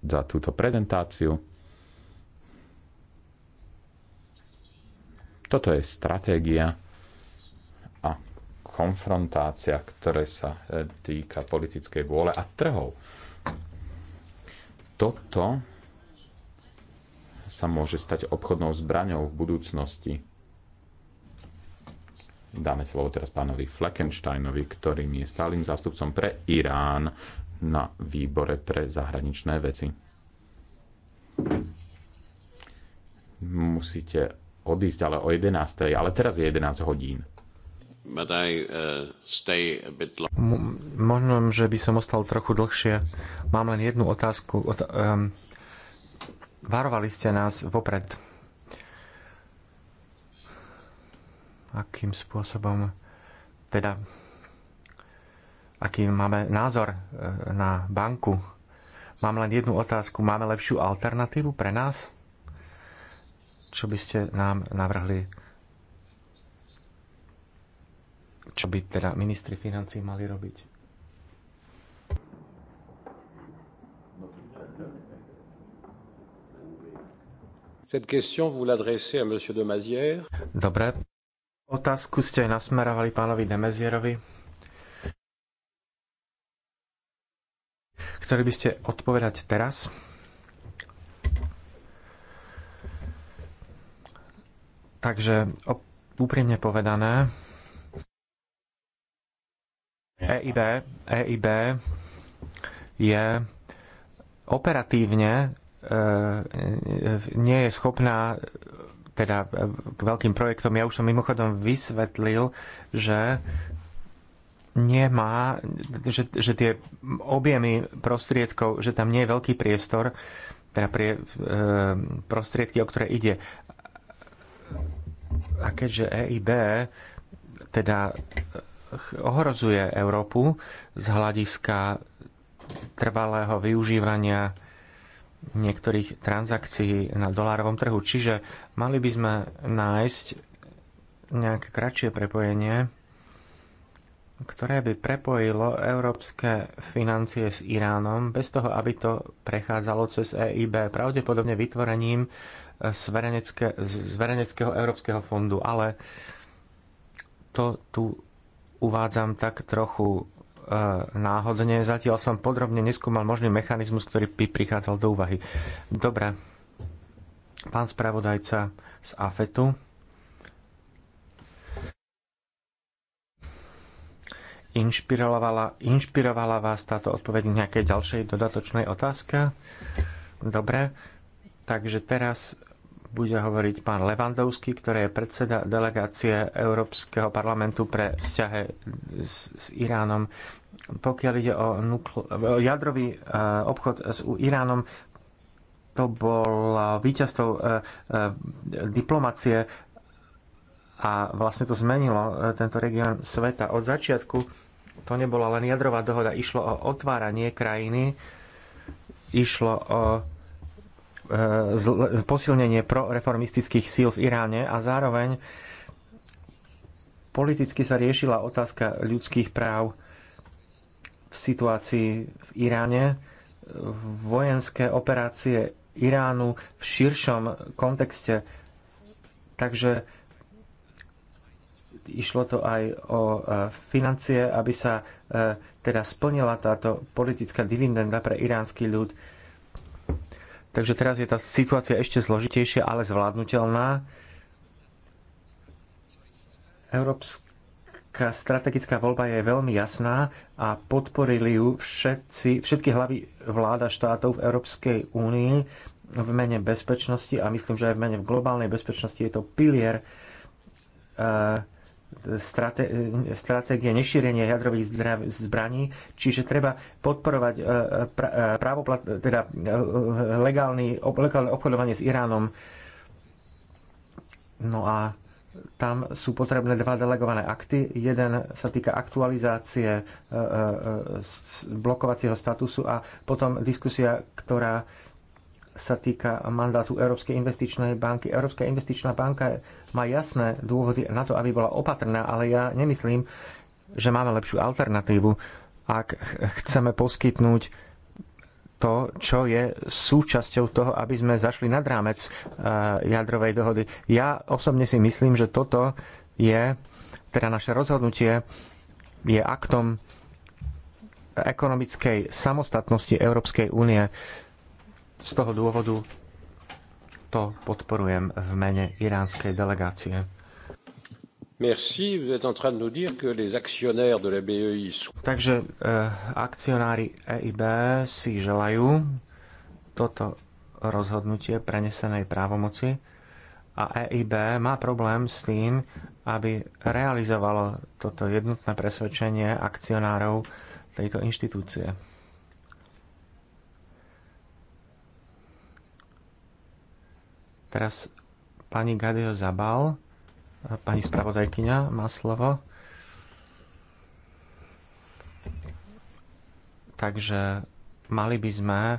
za túto prezentáciu. Toto je stratégia konfrontácia, ktoré sa e, týka politickej vôle a trhov. Toto sa môže stať obchodnou zbraňou v budúcnosti. Dáme slovo teraz pánovi Fleckensteinovi, ktorým je stálym zástupcom pre Irán na výbore pre zahraničné veci. Musíte odísť ale o 11. Ale teraz je 11 hodín. But I, uh, stay a bit možno, že by som ostal trochu dlhšie. Mám len jednu otázku. Ot- um, varovali ste nás vopred. Akým spôsobom? Teda, aký máme názor e, na banku? Mám len jednu otázku. Máme lepšiu alternatívu pre nás? Čo by ste nám navrhli? čo by teda ministri financí mali robiť? Cette question vous l'adressez à monsieur de Mazière. Dobre. Otázku ste nasmerovali pánovi Demezierovi. Chceli by ste odpovedať teraz? Takže úprimne povedané, EIB, EIB je operatívne e, e, nie je schopná teda e, k veľkým projektom. Ja už som mimochodom vysvetlil, že nemá, že, že tie objemy prostriedkov, že tam nie je veľký priestor, teda prie, prostriedky, o ktoré ide. A keďže EIB teda ohrozuje Európu z hľadiska trvalého využívania niektorých transakcií na dolárovom trhu. Čiže mali by sme nájsť nejaké kratšie prepojenie, ktoré by prepojilo európske financie s Iránom bez toho, aby to prechádzalo cez EIB, pravdepodobne vytvorením eh, zvereneckého európskeho fondu. Ale to tu uvádzam tak trochu e, náhodne. Zatiaľ som podrobne neskúmal možný mechanizmus, ktorý by prichádzal do úvahy. Dobre, pán spravodajca z AFETu. Inšpirovala, inšpirovala vás táto odpoveď nejakej ďalšej dodatočnej otázka? Dobre, takže teraz bude hovoriť pán Levandovský, ktorý je predseda delegácie Európskeho parlamentu pre vzťahy s, s Iránom. Pokiaľ ide o, nukle- o jadrový e, obchod s Iránom, to bol víťazstvo e, e, diplomacie a vlastne to zmenilo tento región sveta. Od začiatku to nebola len jadrová dohoda, išlo o otváranie krajiny, išlo o Eh, posilnenie proreformistických síl v Iráne a zároveň politicky sa riešila otázka ľudských práv v situácii v Iráne, vojenské operácie Iránu v širšom kontexte. Takže išlo to aj o eh, financie, aby sa eh, teda splnila táto politická dividenda pre iránsky ľud Takže teraz je tá situácia ešte zložitejšia, ale zvládnutelná. Európska strategická voľba je veľmi jasná a podporili ju všetci, všetky hlavy vláda štátov v Európskej únii v mene bezpečnosti a myslím, že aj v mene v globálnej bezpečnosti je to pilier uh, stratégie nešírenia jadrových zbraní, čiže treba podporovať e, e, e, právoplat, teda legálny, legálne obchodovanie s Iránom. No a tam sú potrebné dva delegované akty. Jeden sa týka aktualizácie blokovacieho statusu a potom diskusia, ktorá sa týka mandátu Európskej investičnej banky. Európska investičná banka má jasné dôvody na to, aby bola opatrná, ale ja nemyslím, že máme lepšiu alternatívu, ak chceme poskytnúť to, čo je súčasťou toho, aby sme zašli nad rámec e, jadrovej dohody. Ja osobne si myslím, že toto je, teda naše rozhodnutie je aktom ekonomickej samostatnosti Európskej únie. Z toho dôvodu to podporujem v mene iránskej delegácie. Merci, vous êtes en train de nous dire que les actionnaires de la BEI sont... Takže euh, akcionári EIB si želajú toto rozhodnutie prenesenej právomoci a EIB má problém s tým, aby realizovalo toto jednotné presvedčenie akcionárov tejto inštitúcie. Teraz pani Gadio Zabal, pani spravodajkyňa, má slovo. Takže mali by sme e,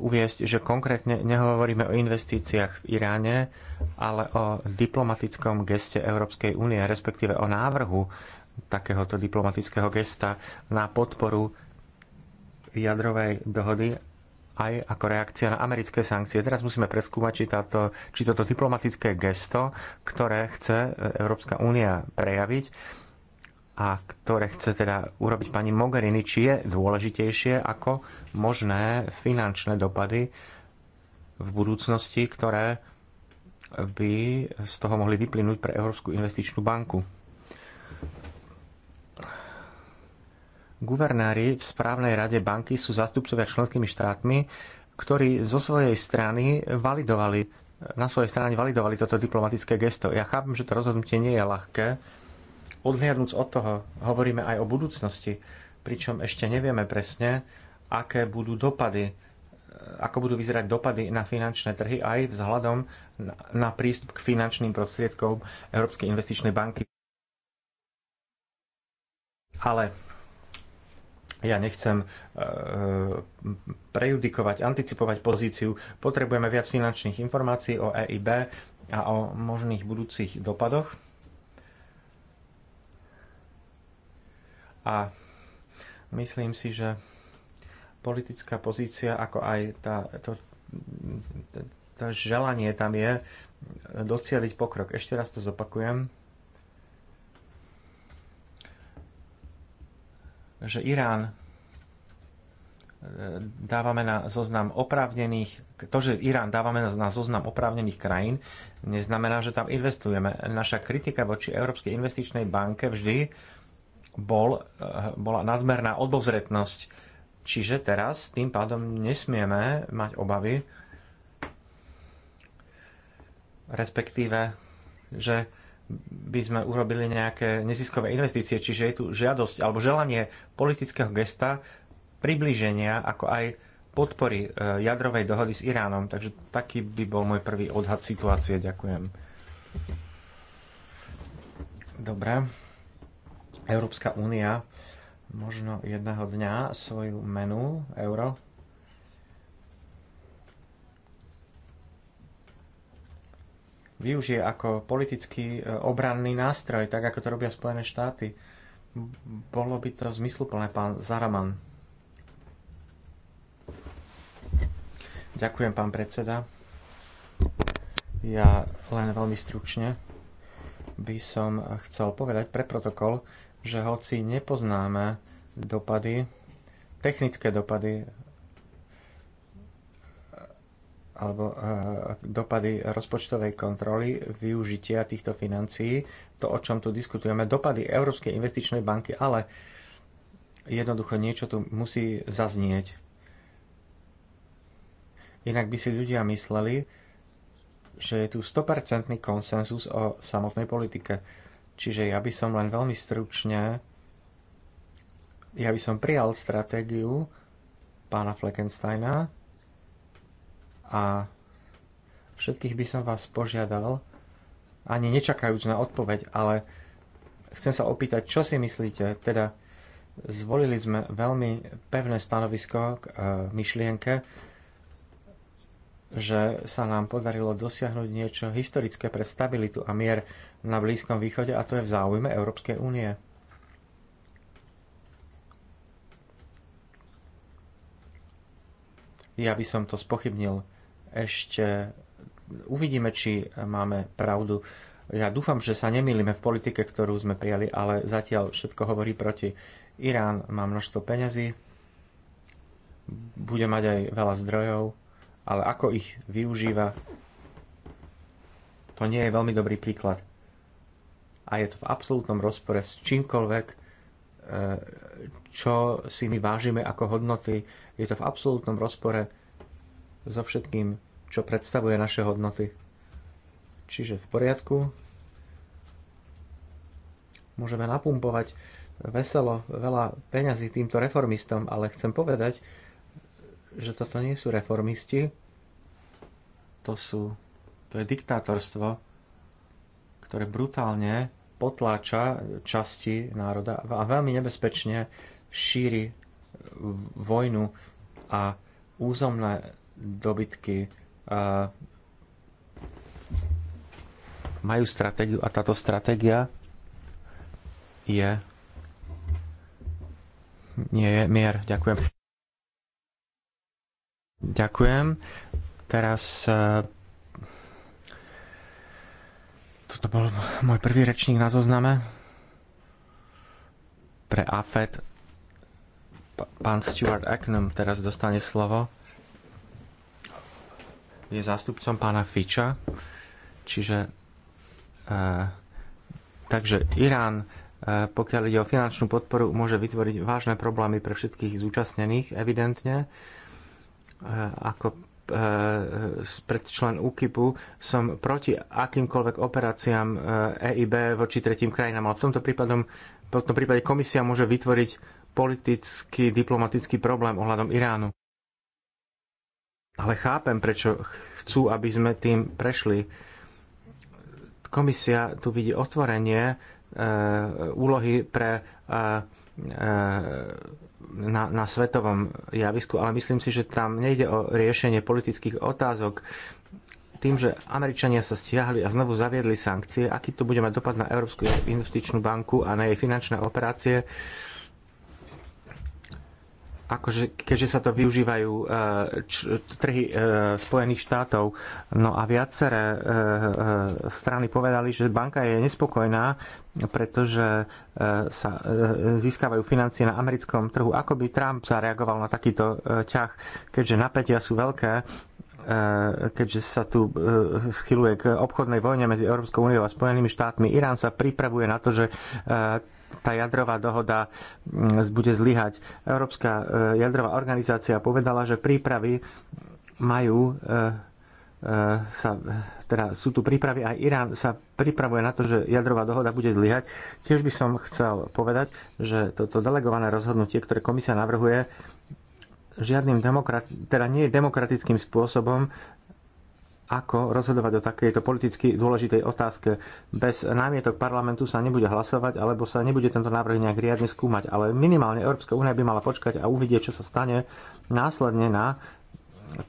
uviesť, že konkrétne nehovoríme o investíciách v Iráne, ale o diplomatickom geste Európskej únie, respektíve o návrhu takéhoto diplomatického gesta na podporu jadrovej dohody aj ako reakcia na americké sankcie. Teraz musíme preskúmať, či, táto, či toto diplomatické gesto, ktoré chce e, Európska únia prejaviť, a ktoré chce teda urobiť pani Mogherini, či je dôležitejšie ako možné finančné dopady v budúcnosti, ktoré by z toho mohli vyplynúť pre Európsku investičnú banku. Guvernári v správnej rade banky sú zastupcovia členskými štátmi, ktorí zo svojej strany validovali, na svojej strane validovali toto diplomatické gesto. Ja chápem, že to rozhodnutie nie je ľahké. Odhliadnúc od toho, hovoríme aj o budúcnosti, pričom ešte nevieme presne, aké budú dopady, ako budú vyzerať dopady na finančné trhy aj vzhľadom na prístup k finančným prostriedkom Európskej investičnej banky. Ale ja nechcem e, e, prejudikovať, anticipovať pozíciu. Potrebujeme viac finančných informácií o EIB a o možných budúcich dopadoch. A myslím si, že politická pozícia, ako aj tá, to, to želanie tam je docieliť pokrok. Ešte raz to zopakujem že Irán e, dávame na zoznam oprávnených, to, že Irán dávame na zoznam oprávnených krajín, neznamená, že tam investujeme. Naša kritika voči Európskej investičnej banke vždy bol, e, bola nadmerná odbozretnosť. Čiže teraz tým pádom nesmieme mať obavy, respektíve, že by sme urobili nejaké neziskové investície, čiže je tu žiadosť alebo želanie politického gesta približenia, ako aj podpory e, jadrovej dohody s Iránom. Takže taký by bol môj prvý odhad situácie. Ďakujem. Dobre. Európska únia možno jedného dňa svoju menu euro využije ako politický e, obranný nástroj, tak ako to robia Spojené štáty. Bolo by to zmysluplné, pán Zaraman. Ďakujem, pán predseda. Ja len veľmi stručne by som chcel povedať pre protokol, že hoci nepoznáme dopady, technické dopady alebo eh, dopady rozpočtovej kontroly využitia týchto financií, to, o čom tu diskutujeme, dopady Európskej investičnej banky, ale jednoducho niečo tu musí zaznieť. Inak by si ľudia mysleli, že je tu 100% konsenzus o samotnej politike. Čiže ja by som len veľmi stručne, ja by som prijal stratégiu pána Fleckensteina, a všetkých by som vás požiadal, ani nečakajúc na odpoveď, ale chcem sa opýtať, čo si myslíte, teda zvolili sme veľmi pevné stanovisko k e, myšlienke, že sa nám podarilo dosiahnuť niečo historické pre stabilitu a mier na Blízkom východe a to je v záujme Európskej únie. Ja by som to spochybnil ešte uvidíme, či máme pravdu. Ja dúfam, že sa nemýlime v politike, ktorú sme prijali, ale zatiaľ všetko hovorí proti. Irán má množstvo peňazí, bude mať aj veľa zdrojov, ale ako ich využíva, to nie je veľmi dobrý príklad. A je to v absolútnom rozpore s čímkoľvek, e, čo si my vážime ako hodnoty. Je to v absolútnom rozpore so všetkým, čo predstavuje naše hodnoty. Čiže v poriadku. Môžeme napumpovať veselo veľa peňazí týmto reformistom, ale chcem povedať, že toto nie sú reformisti, to sú to je diktátorstvo, ktoré brutálne potláča časti národa a veľmi nebezpečne šíri vojnu a územné dobytky majú stratégiu a táto stratégia je nie je mier. Ďakujem. Ďakujem. Teraz e, toto bol môj prvý rečník na zozname pre AFED. Pán Stuart Eknum teraz dostane slovo je zástupcom pána Fiča. Čiže e, takže Irán, e, pokiaľ ide o finančnú podporu, môže vytvoriť vážne problémy pre všetkých zúčastnených, evidentne. E, ako e, pred člen UKIPu som proti akýmkoľvek operáciám EIB e voči tretím krajinám, ale v tomto, prípadom, v tomto prípade komisia môže vytvoriť politický, diplomatický problém ohľadom Iránu ale chápem, prečo chcú, aby sme tým prešli. Komisia tu vidí otvorenie e, úlohy pre e, e, na, na svetovom javisku, ale myslím si, že tam nejde o riešenie politických otázok. Tým, že Američania sa stiahli a znovu zaviedli sankcie, aký to bude mať dopad na Európsku investičnú banku a na jej finančné operácie, akože, keďže sa to využívajú e, č, trhy e, Spojených štátov. No a viaceré e, e, strany povedali, že banka je nespokojná, pretože e, sa e, získavajú financie na americkom trhu. Ako by Trump zareagoval na takýto e, ťah, keďže napätia sú veľké, e, keďže sa tu e, schyluje k obchodnej vojne medzi Európskou úniou a Spojenými štátmi. Irán sa pripravuje na to, že tá jadrová dohoda mm, bude zlyhať. Európska e, jadrová organizácia povedala, že prípravy majú e, e, sa, teda sú tu prípravy a Irán sa pripravuje na to, že jadrová dohoda bude zlyhať. Tiež by som chcel povedať, že toto delegované rozhodnutie, ktoré komisia navrhuje, žiadnym demokrat, teda nie je demokratickým spôsobom ako rozhodovať o takejto politicky dôležitej otázke. Bez námietok parlamentu sa nebude hlasovať, alebo sa nebude tento návrh nejak riadne skúmať. Ale minimálne Európska únia by mala počkať a uvidieť, čo sa stane následne na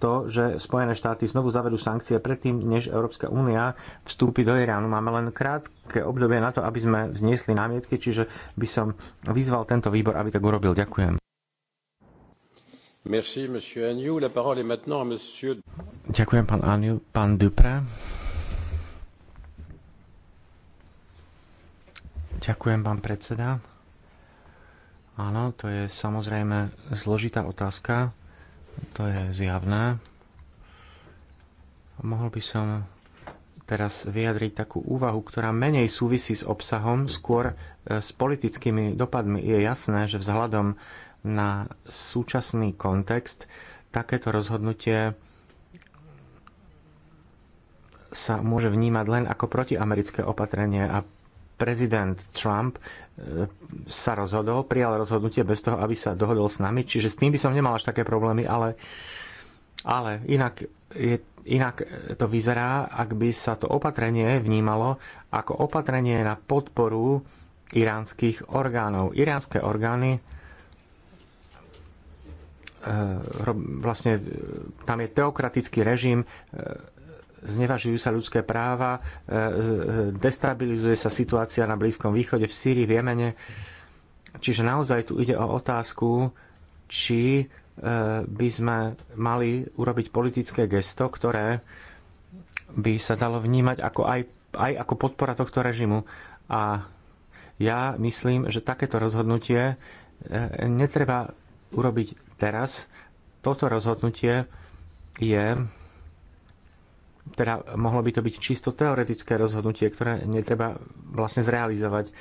to, že Spojené štáty znovu zavedú sankcie predtým, než Európska únia vstúpi do Iránu. Máme len krátke obdobie na to, aby sme vzniesli námietky, čiže by som vyzval tento výbor, aby tak urobil. Ďakujem. Ďakujem, pán Agnew. Pán Dupré. Ďakujem, pán predseda. Áno, to je samozrejme zložitá otázka. To je zjavné. Mohol by som teraz vyjadriť takú úvahu, ktorá menej súvisí s obsahom, skôr e, s politickými dopadmi. Je jasné, že vzhľadom na súčasný kontext takéto rozhodnutie sa môže vnímať len ako protiamerické opatrenie a prezident Trump e, sa rozhodol, prijal rozhodnutie bez toho, aby sa dohodol s nami, čiže s tým by som nemal až také problémy, ale, ale inak, je, inak to vyzerá, ak by sa to opatrenie vnímalo ako opatrenie na podporu iránskych orgánov. Iránske orgány Eh, vlastne eh, tam je teokratický režim, eh, znevažujú sa ľudské práva, destabilizuje sa situácia na Blízkom východe, v Sýrii, v Jemene. Čiže naozaj tu ide o otázku, či by sme mali urobiť politické gesto, ktoré by sa dalo vnímať ako aj, aj ako podpora tohto režimu. A ja myslím, že takéto rozhodnutie netreba urobiť Teraz toto rozhodnutie je teda mohlo by to byť čisto teoretické rozhodnutie, ktoré netreba vlastne zrealizovať.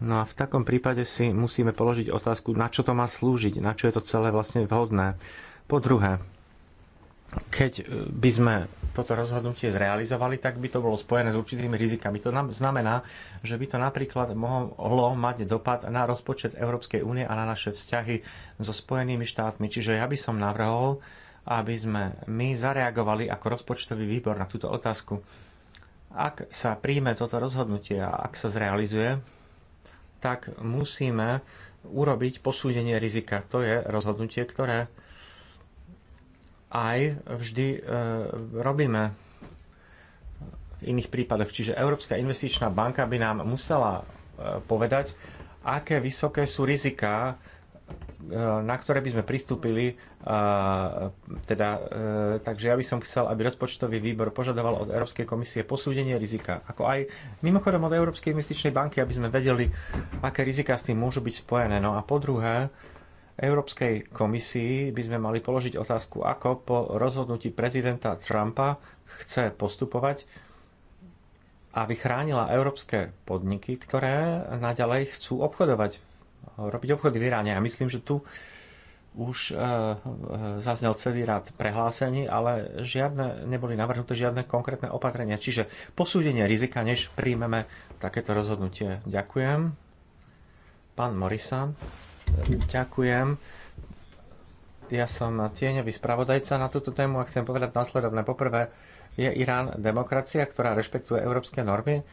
No a v takom prípade si musíme položiť otázku, na čo to má slúžiť, na čo je to celé vlastne vhodné. Po druhé, keď e, by sme toto rozhodnutie zrealizovali, tak by to bolo spojené s určitými rizikami. To znamená, že by to napríklad mohlo mať dopad na rozpočet Európskej únie a na naše vzťahy so Spojenými štátmi. Čiže ja by som navrhol, aby sme my zareagovali ako rozpočtový výbor na túto otázku. Ak sa príjme toto rozhodnutie a ak sa zrealizuje, tak musíme urobiť posúdenie rizika. To je rozhodnutie, ktoré aj vždy e, robíme v iných prípadoch. Čiže Európska investičná banka by nám musela e, povedať, aké vysoké sú riziká, e, na ktoré by sme pristúpili. Teda, takže ja by som chcel, aby rozpočtový výbor požadoval od Európskej komisie posúdenie rizika. Ako aj mimochodom od Európskej investičnej banky, aby sme vedeli, aké rizika s tým môžu byť spojené. No a po druhé, Európskej komisii by sme mali položiť otázku, ako po rozhodnutí prezidenta Trumpa chce postupovať, aby chránila európske podniky, ktoré naďalej chcú obchodovať, robiť obchody v Iráne. Ja myslím, že tu už e, e, zaznel celý rád prehlásení, ale žiadne, neboli navrhnuté žiadne konkrétne opatrenia. Čiže posúdenie rizika, než príjmeme takéto rozhodnutie. Ďakujem. Pán Morisa. Ďakujem. Ja som tieňový spravodajca na túto tému a chcem povedať následovné. Poprvé, je Irán demokracia, ktorá rešpektuje európske normy,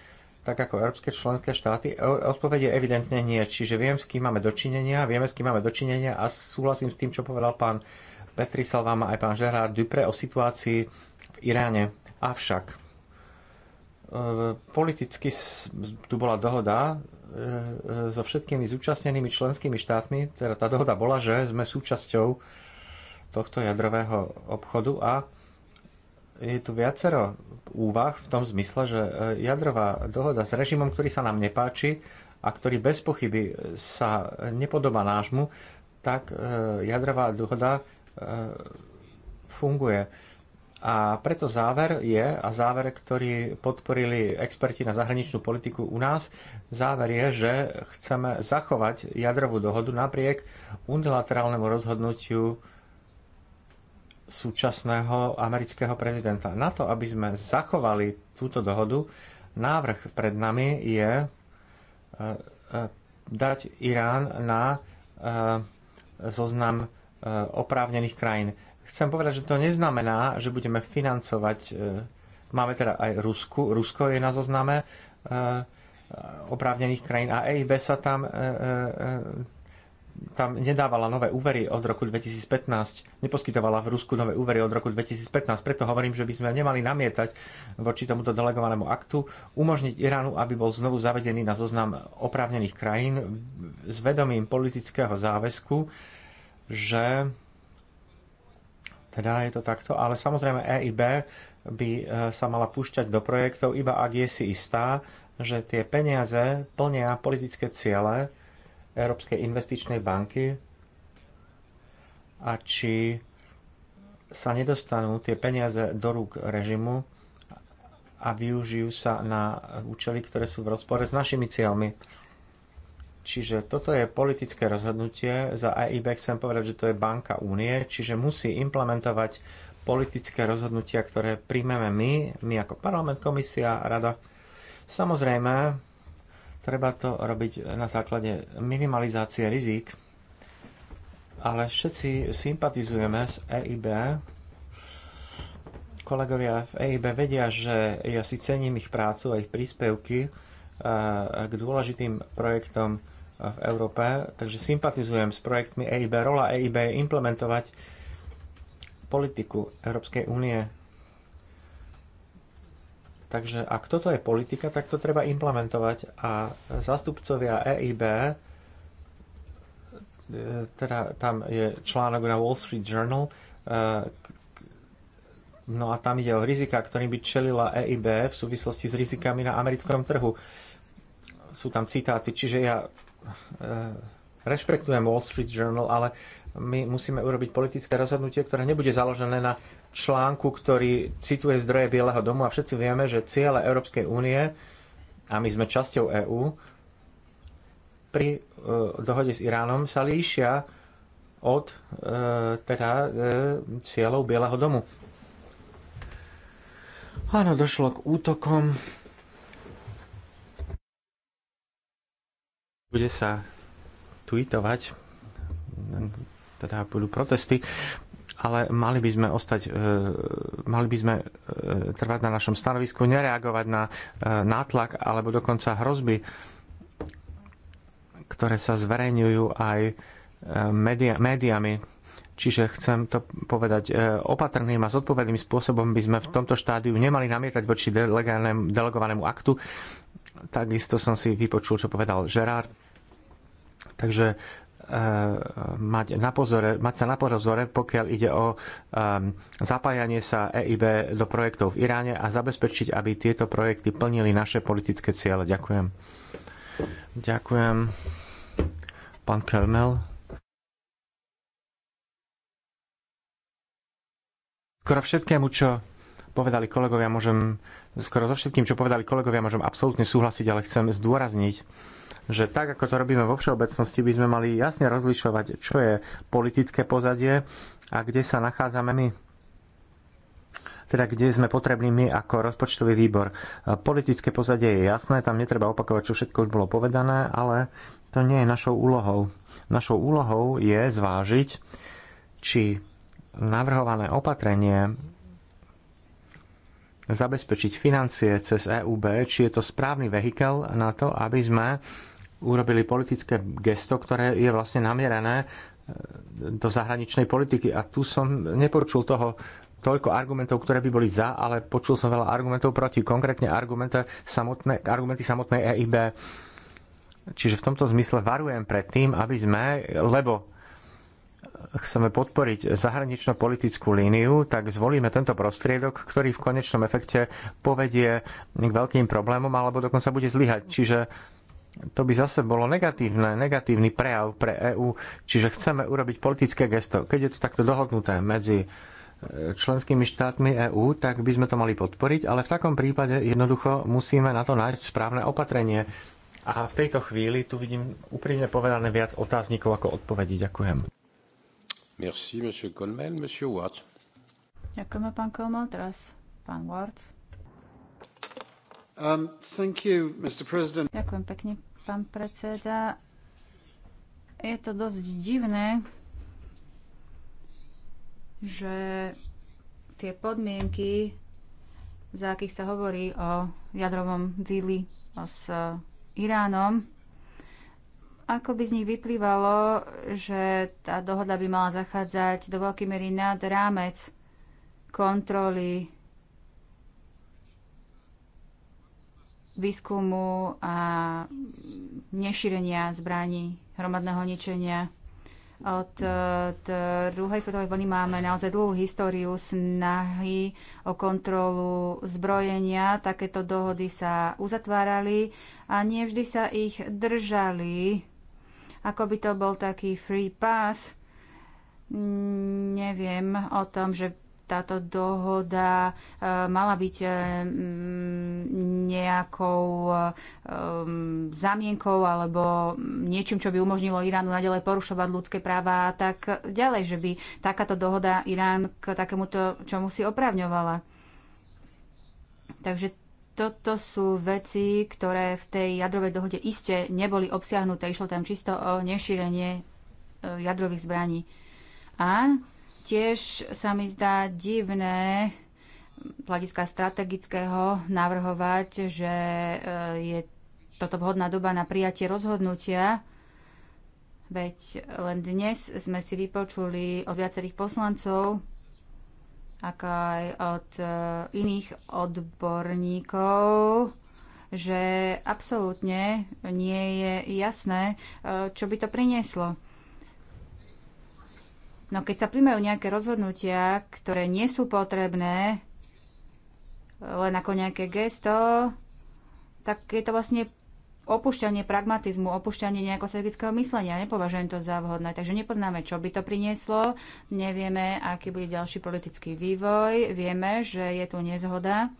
tak ako európske členské štáty? Odpoveď je evidentne nie. Čiže viem, s kým máme dočinenia, vieme, s kým máme dočinenia a súhlasím s tým, čo povedal pán Petri Salvama aj pán Gerard Dupre o situácii v Iráne. Avšak E, politicky tu bola dohoda e, e, so všetkými zúčastnenými členskými štátmi, teda tá dohoda bola, že sme súčasťou tohto jadrového obchodu a je tu viacero úvah v tom zmysle, že jadrová dohoda s režimom, ktorý sa nám nepáči a ktorý bez pochyby sa nepodobá nášmu, tak jadrová dohoda funguje a preto záver je, a záver, ktorý podporili experti na zahraničnú politiku u nás, záver je, že chceme zachovať jadrovú dohodu napriek unilaterálnemu rozhodnutiu súčasného amerického prezidenta. Na to, aby sme zachovali túto dohodu, návrh pred nami je e, e, dať Irán na e, zoznam oprávnených krajín. Chcem povedať, že to neznamená, že budeme financovať. E, máme teda aj Rusku. Rusko je na zozname e, oprávnených krajín a EIB sa tam e, tam nedávala nové úvery od roku 2015, neposkytovala v Rusku nové úvery od roku 2015. Preto hovorím, že by sme nemali namietať voči tomuto delegovanému aktu, umožniť Iránu, aby bol znovu zavedený na zoznam oprávnených krajín s vedomím politického záväzku, že teda je to takto, ale samozrejme EIB by e, sa mala púšťať do projektov, iba ak je si istá, že tie peniaze plnia politické ciele Európskej investičnej banky a či sa nedostanú tie peniaze do rúk režimu a využijú sa na účely, ktoré sú v rozpore s našimi cieľmi. Čiže toto je politické rozhodnutie. Za AIB e chcem povedať, že to je banka únie, čiže musí implementovať politické rozhodnutia, ktoré príjmeme my, my ako parlament, komisia, rada. Samozrejme, treba to robiť na základe minimalizácie rizik, ale všetci sympatizujeme s EIB. Kolegovia v EIB vedia, že ja si cením ich prácu a ich príspevky eh, k dôležitým projektom v Európe. Takže sympatizujem s projektmi EIB. Rola EIB je implementovať politiku Európskej únie. Takže ak toto je politika, tak to treba implementovať a zastupcovia EIB, e, teda tam je článok na Wall Street Journal, e, no a tam ide o rizika, ktorým by čelila EIB v súvislosti s rizikami na americkom trhu sú tam citáty, čiže ja Eh, rešpektujem Wall Street Journal, ale my musíme urobiť politické rozhodnutie, ktoré nebude založené na článku, ktorý cituje zdroje Bieleho domu a všetci vieme, že ciele Európskej únie, a my sme časťou EÚ, pri uh, dohode s Iránom sa líšia od uh, teda, uh, cieľov Bieleho domu. Áno, došlo k útokom Bude sa tweetovať, teda budú protesty, ale mali by sme ostať, e, mali by sme e, trvať na našom stanovisku, nereagovať na e, nátlak alebo dokonca hrozby, ktoré sa zverejňujú aj médiami. médiami. Čiže chcem to povedať opatrným a zodpovedným spôsobom by sme v tomto štádiu nemali namietať voči delegovanému aktu. Takisto som si vypočul, čo povedal Gerard Takže e, mať, na pozore, mať sa na pozore, pokiaľ ide o um, zapájanie sa EIB do projektov v Iráne a zabezpečiť, aby tieto projekty plnili naše politické ciele. Ďakujem. Ďakujem. Pán Kelmel. Skoro všetkému, čo povedali kolegovia, môžem skoro so všetkým, čo povedali kolegovia, môžem absolútne súhlasiť, ale chcem zdôrazniť, že tak, ako to robíme vo všeobecnosti, by sme mali jasne rozlišovať, čo je politické pozadie a kde sa nachádzame my. Teda kde sme potrební my ako rozpočtový výbor. Politické pozadie je jasné, tam netreba opakovať, čo všetko už bolo povedané, ale to nie je našou úlohou. Našou úlohou je zvážiť, či navrhované opatrenie zabezpečiť financie cez EUB, či je to správny vehikel na to, aby sme urobili politické gesto, ktoré je vlastne namierené e, do zahraničnej politiky. A tu som nepočul toho toľko argumentov, ktoré by boli za, ale počul som veľa argumentov proti, konkrétne argumenty, samotné, argumenty samotnej EIB. Čiže v tomto zmysle varujem pred tým, aby sme, lebo chceme podporiť zahranično-politickú líniu, tak zvolíme tento prostriedok, ktorý v konečnom efekte povedie k veľkým problémom alebo dokonca bude zlyhať. Čiže to by zase bolo negatívne, negatívny prejav pre EÚ, čiže chceme urobiť politické gesto. Keď je to takto dohodnuté medzi e, členskými štátmi EÚ, tak by sme to mali podporiť, ale v takom prípade jednoducho musíme na to nájsť správne opatrenie. A v tejto chvíli tu vidím úprimne povedané viac otáznikov ako odpovedí. Ďakujem. Merci, monsieur Colmel. Monsieur Watt. Ďakujeme, pán Colmel. Teraz pán Ward. Um, thank you, Mr. President. Ďakujem pekne, pán predseda. Je to dosť divné, že tie podmienky, za akých sa hovorí o jadrovom díli s Iránom, ako by z nich vyplývalo, že tá dohoda by mala zachádzať do veľkej miery nad rámec kontroly výskumu a nešírenia zbraní hromadného ničenia. Od e, druhej svetovej vojny máme naozaj dlhú históriu snahy o kontrolu zbrojenia. Takéto dohody sa uzatvárali a nie vždy sa ich držali ako by to bol taký free pass. Neviem o tom, že táto dohoda e, mala byť e, nejakou e, zamienkou alebo niečím, čo by umožnilo Iránu nadalej porušovať ľudské práva a tak ďalej, že by takáto dohoda Irán k takémuto čomu si opravňovala. Takže toto sú veci, ktoré v tej jadrovej dohode iste neboli obsiahnuté. Išlo tam čisto o nešírenie e, jadrových zbraní. A tiež sa mi zdá divné hľadiska strategického navrhovať, že e, je toto vhodná doba na prijatie rozhodnutia, veď len dnes sme si vypočuli od viacerých poslancov, ako aj od e, iných odborníkov, že absolútne nie je jasné, e, čo by to prinieslo. No keď sa príjmajú nejaké rozhodnutia, ktoré nie sú potrebné, len ako nejaké gesto, tak je to vlastne opúšťanie pragmatizmu, opúšťanie nejakého strategického myslenia. Nepovažujem to za vhodné, takže nepoznáme, čo by to prinieslo, nevieme, aký bude ďalší politický vývoj, vieme, že je tu nezhoda.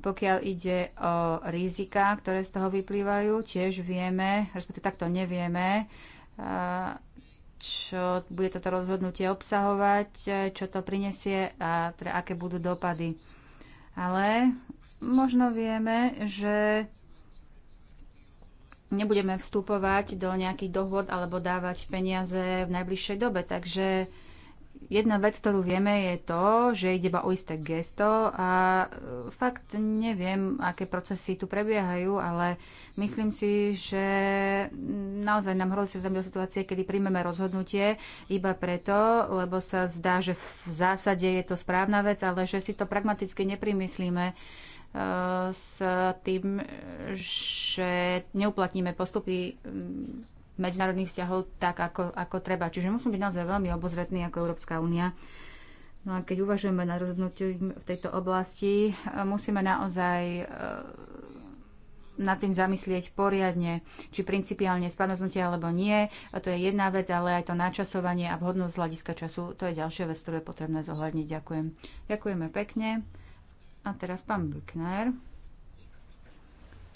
Pokiaľ ide o rizika, ktoré z toho vyplývajú, tiež vieme, respektíve takto nevieme, čo bude toto rozhodnutie obsahovať, čo to prinesie a teda aké budú dopady. Ale možno vieme, že nebudeme vstupovať do nejakých dohod alebo dávať peniaze v najbližšej dobe. Takže jedna vec, ktorú vieme, je to, že ide iba o isté gesto a e, fakt neviem, aké procesy tu prebiehajú, ale myslím si, že naozaj nám hrozí sa do situácie, kedy príjmeme rozhodnutie iba preto, lebo sa zdá, že v zásade je to správna vec, ale že si to pragmaticky neprimyslíme s tým, že neuplatníme postupy mm, medzinárodných vzťahov tak, ako, ako treba. Čiže musíme byť naozaj veľmi obozretní ako Európska únia. No a keď uvažujeme na rozhodnutí v tejto oblasti, musíme naozaj e, nad tým zamyslieť poriadne, či principiálne spadnoznutie alebo nie. A to je jedna vec, ale aj to načasovanie a vhodnosť z hľadiska času, to je ďalšia vec, ktorú je potrebné zohľadniť. Ďakujem. Ďakujeme pekne. A teraz pán Buchner,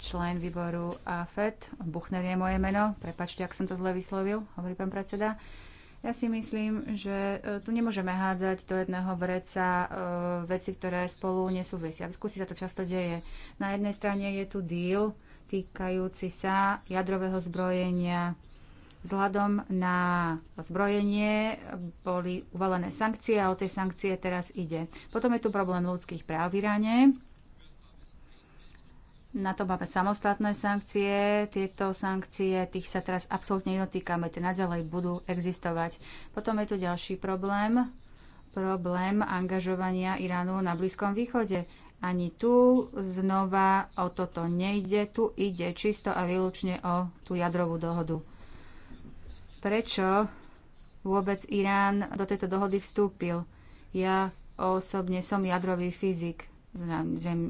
člen výboru AFED. Buchner je moje meno. Prepačte, ak som to zle vyslovil, hovorí pán predseda. Ja si myslím, že e, tu nemôžeme hádzať do jedného vreca e, veci, ktoré spolu nesúvisia. V sa to často deje. Na jednej strane je tu deal týkajúci sa jadrového zbrojenia Vzhľadom na zbrojenie boli uvalené sankcie a o tej sankcie teraz ide. Potom je tu problém ľudských práv v Iráne. Na to máme samostatné sankcie. Tieto sankcie, tých sa teraz absolútne nedotýkame, tie naďalej budú existovať. Potom je tu ďalší problém, problém angažovania Iránu na Blízkom východe. Ani tu znova o toto nejde, tu ide čisto a výlučne o tú jadrovú dohodu prečo vôbec Irán do tejto dohody vstúpil. Ja osobne som jadrový fyzik,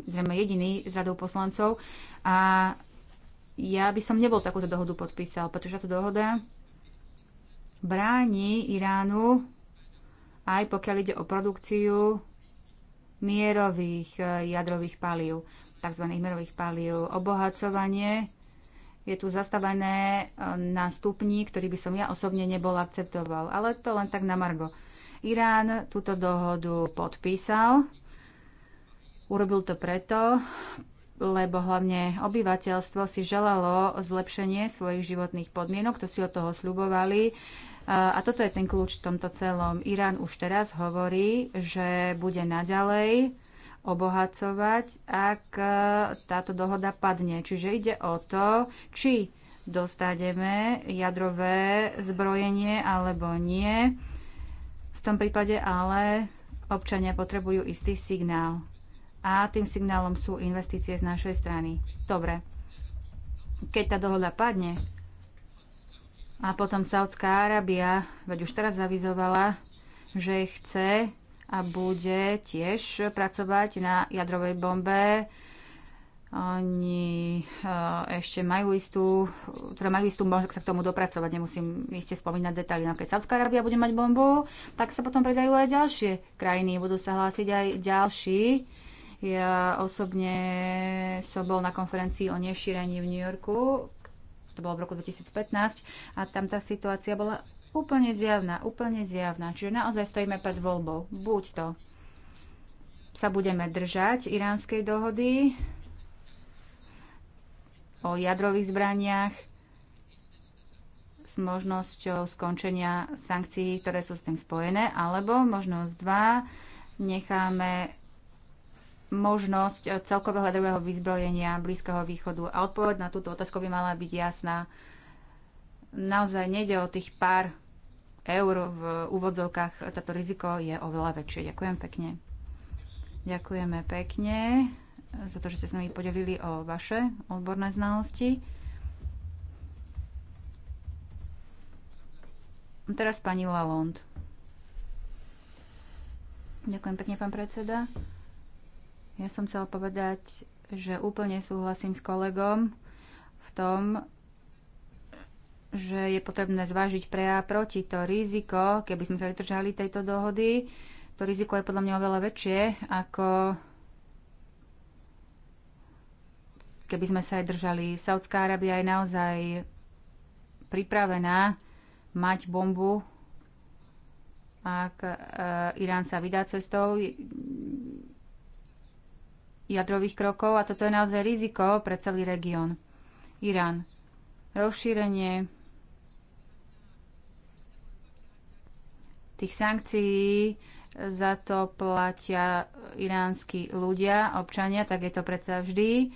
zrejme jediný z radou poslancov a ja by som nebol takúto dohodu podpísal, pretože táto dohoda bráni Iránu aj pokiaľ ide o produkciu mierových eh, jadrových palív, tzv. mierových palív, obohacovanie je tu zastavené eh, na stupni, ktorý by som ja osobne nebol akceptoval. Ale to len tak na Margo. Irán túto dohodu podpísal. Urobil to preto, lebo hlavne obyvateľstvo si želalo zlepšenie svojich životných podmienok, to si od toho sľubovali. Eh, a toto je ten kľúč v tomto celom. Irán už teraz hovorí, že bude naďalej obohacovať, ak e, táto dohoda padne. Čiže ide o to, či dostaneme jadrové zbrojenie alebo nie. V tom prípade ale občania potrebujú istý signál. A tým signálom sú investície z našej strany. Dobre. Keď tá dohoda padne a potom Saudská Arábia, veď už teraz zavizovala, že chce a bude tiež pracovať na jadrovej bombe. Oni eh, ešte majú istú, teda majú istú možnosť sa k tomu dopracovať, nemusím iste spomínať detaily. No keď Saudská Arábia bude mať bombu, tak sa potom predajú aj ďalšie krajiny, budú sa hlásiť aj ďalší. Ja osobne som bol na konferencii o nešírení v New Yorku, to bolo v roku 2015, a tam tá situácia bola Úplne zjavná, úplne zjavná. Čiže naozaj stojíme pred voľbou. Buď to sa budeme držať iránskej dohody o jadrových zbraniach s možnosťou skončenia sankcií, ktoré sú s tým spojené, alebo možnosť 2 necháme možnosť celkového jadrového vyzbrojenia Blízkeho východu. A odpoveď na túto otázku by mala byť jasná. Naozaj nejde o tých pár eur v úvodzovkách táto riziko je oveľa väčšie. Ďakujem pekne. Ďakujeme pekne za to, že ste s nami podelili o vaše odborné znalosti. Teraz pani Lalond. Ďakujem pekne, pán predseda. Ja som chcela povedať, že úplne súhlasím s kolegom v tom, že je potrebné zvážiť pre a proti to riziko, keby sme sa vydržali tejto dohody. To riziko je podľa mňa oveľa väčšie, ako keby sme sa aj držali. Saudská Arábia je naozaj pripravená mať bombu, ak eh, Irán sa vydá cestou jadrových krokov a toto je naozaj riziko pre celý región. Irán. Rozšírenie tých sankcií za to platia iránsky ľudia, občania, tak je to predsa vždy.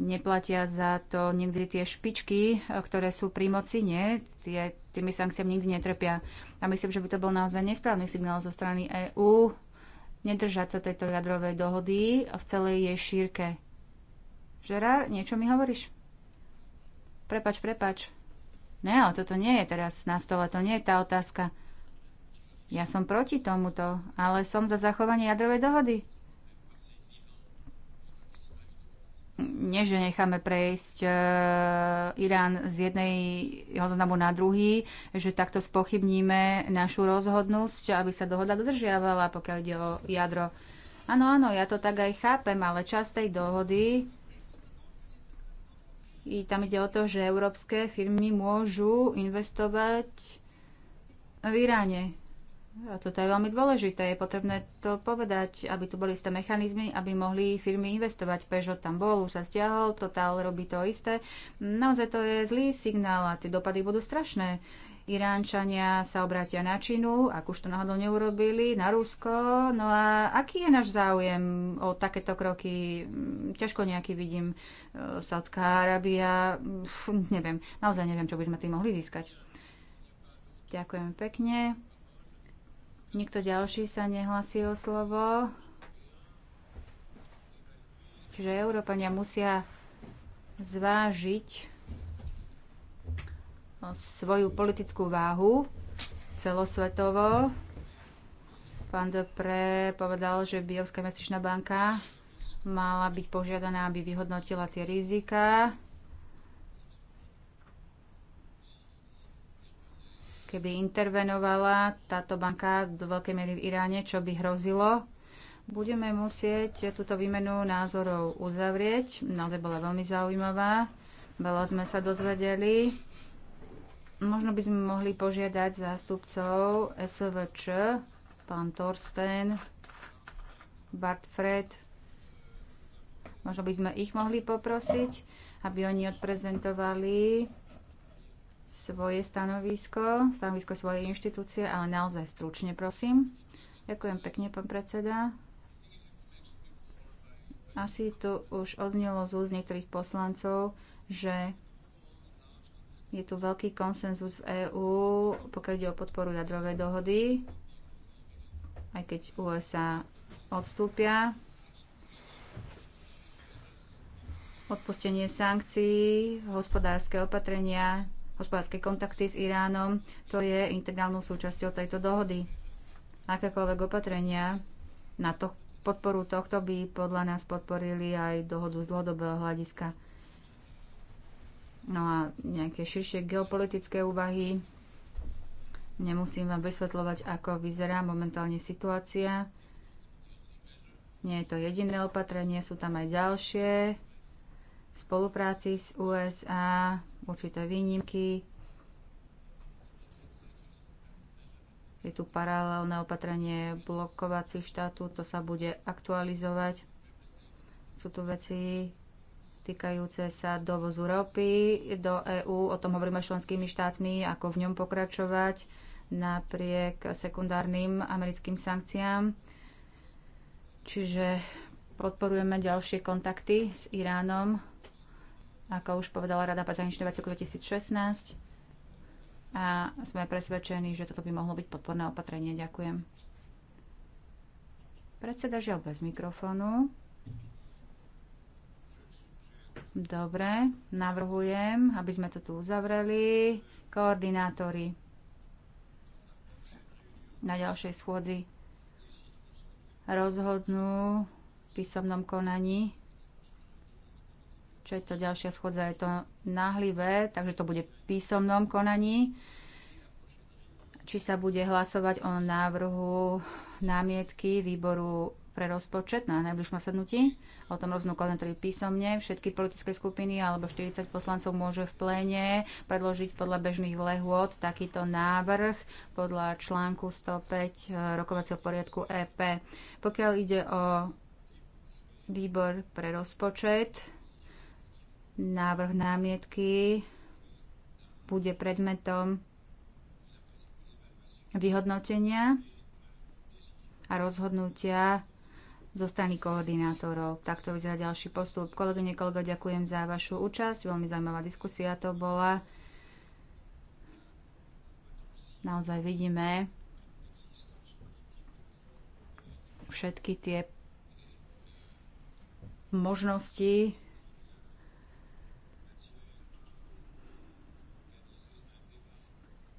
Neplatia za to nikdy tie špičky, ktoré sú pri moci, nie. Tie, tými sankciami nikdy netrpia. A myslím, že by to bol naozaj nesprávny signál zo strany EÚ nedržať sa tejto jadrovej dohody v celej jej šírke. Žerár, niečo mi hovoríš? Prepač, prepač. Ne, ale toto nie je teraz na stole, to nie je tá otázka. Ja som proti tomuto, ale som za zachovanie jadrovej dohody. nie, že necháme prejsť uh, Irán z jednej zoznamu na druhý, že takto spochybníme našu rozhodnosť, aby sa dohoda dodržiavala, pokiaľ ide o jadro. Áno, áno, ja to tak aj chápem, ale čas tej dohody i tam ide o to, že európske firmy môžu investovať v Iráne. A toto je veľmi dôležité. Je potrebné to povedať, aby tu boli isté mechanizmy, aby mohli firmy investovať. Peugeot tam bol, už sa stiahol, Total robí to isté. Naozaj to je zlý signál a tie dopady budú strašné. Iránčania sa obrátia na Čínu, ak už to náhodou neurobili, na Rusko. No a aký je náš záujem o takéto kroky? Mm, ťažko nejaký vidím. E, Sádzka Arábia, neviem, naozaj neviem, čo by sme tým mohli získať. Ďakujem pekne. Nikto ďalší sa nehlasí o slovo. Čiže Európania musia zvážiť svoju politickú váhu celosvetovo. Pán Dopre povedal, že Bielská investičná banka mala byť požiadaná, aby vyhodnotila tie rizika keby intervenovala táto banka do veľkej miery v Iráne, čo by hrozilo. Budeme musieť túto výmenu názorov uzavrieť. Naozaj bola veľmi zaujímavá. Veľa sme sa dozvedeli. Možno by sme mohli požiadať zástupcov SVČ, pán Torsten, Bartfred. Možno by sme ich mohli poprosiť, aby oni odprezentovali svoje stanovisko, stanovisko svojej inštitúcie, ale naozaj stručne, prosím. Ďakujem pekne, pán predseda. Asi tu už odznelo z úst niektorých poslancov, že je tu veľký konsenzus v EÚ, pokiaľ ide o podporu jadrovej dohody, aj keď USA odstúpia. Odpustenie sankcií, hospodárske opatrenia, hospodárske kontakty s Iránom, to je integrálnou súčasťou tejto dohody. Akékoľvek opatrenia na to, podporu tohto by podľa nás podporili aj dohodu z dlhodobého hľadiska. No a nejaké širšie geopolitické úvahy. Nemusím vám vysvetľovať, ako vyzerá momentálne situácia. Nie je to jediné opatrenie, sú tam aj ďalšie v spolupráci s USA, určité výnimky. Je tu paralelné opatrenie blokovací štátu, to sa bude aktualizovať. Sú tu veci týkajúce sa dovozu ropy do EÚ, o tom hovoríme s členskými štátmi, ako v ňom pokračovať napriek sekundárnym americkým sankciám. Čiže podporujeme ďalšie kontakty s Iránom, ako už povedala Rada pre zahraničné veci 2016. A sme presvedčení, že toto by mohlo byť podporné opatrenie. Ďakujem. Predseda žiaľ bez mikrofónu. Dobre, navrhujem, aby sme to tu uzavreli. Koordinátori na ďalšej schôdzi rozhodnú v písomnom konaní čo je to ďalšia schodza, je to náhlivé, takže to bude v písomnom konaní. Či sa bude hlasovať o návrhu námietky výboru pre rozpočet na najbližšom sednutí. O tom rozhodnú koordinátori písomne. Všetky politické skupiny alebo 40 poslancov môže v pléne predložiť podľa bežných lehôd takýto návrh podľa článku 105 e, rokovacieho poriadku EP. Pokiaľ ide o výbor pre rozpočet, Návrh námietky bude predmetom vyhodnotenia a rozhodnutia zo strany koordinátorov. Takto vyzerá ďalší postup. Kolegyne, kolega, ďakujem za vašu účasť. Veľmi zaujímavá diskusia to bola. Naozaj vidíme všetky tie možnosti,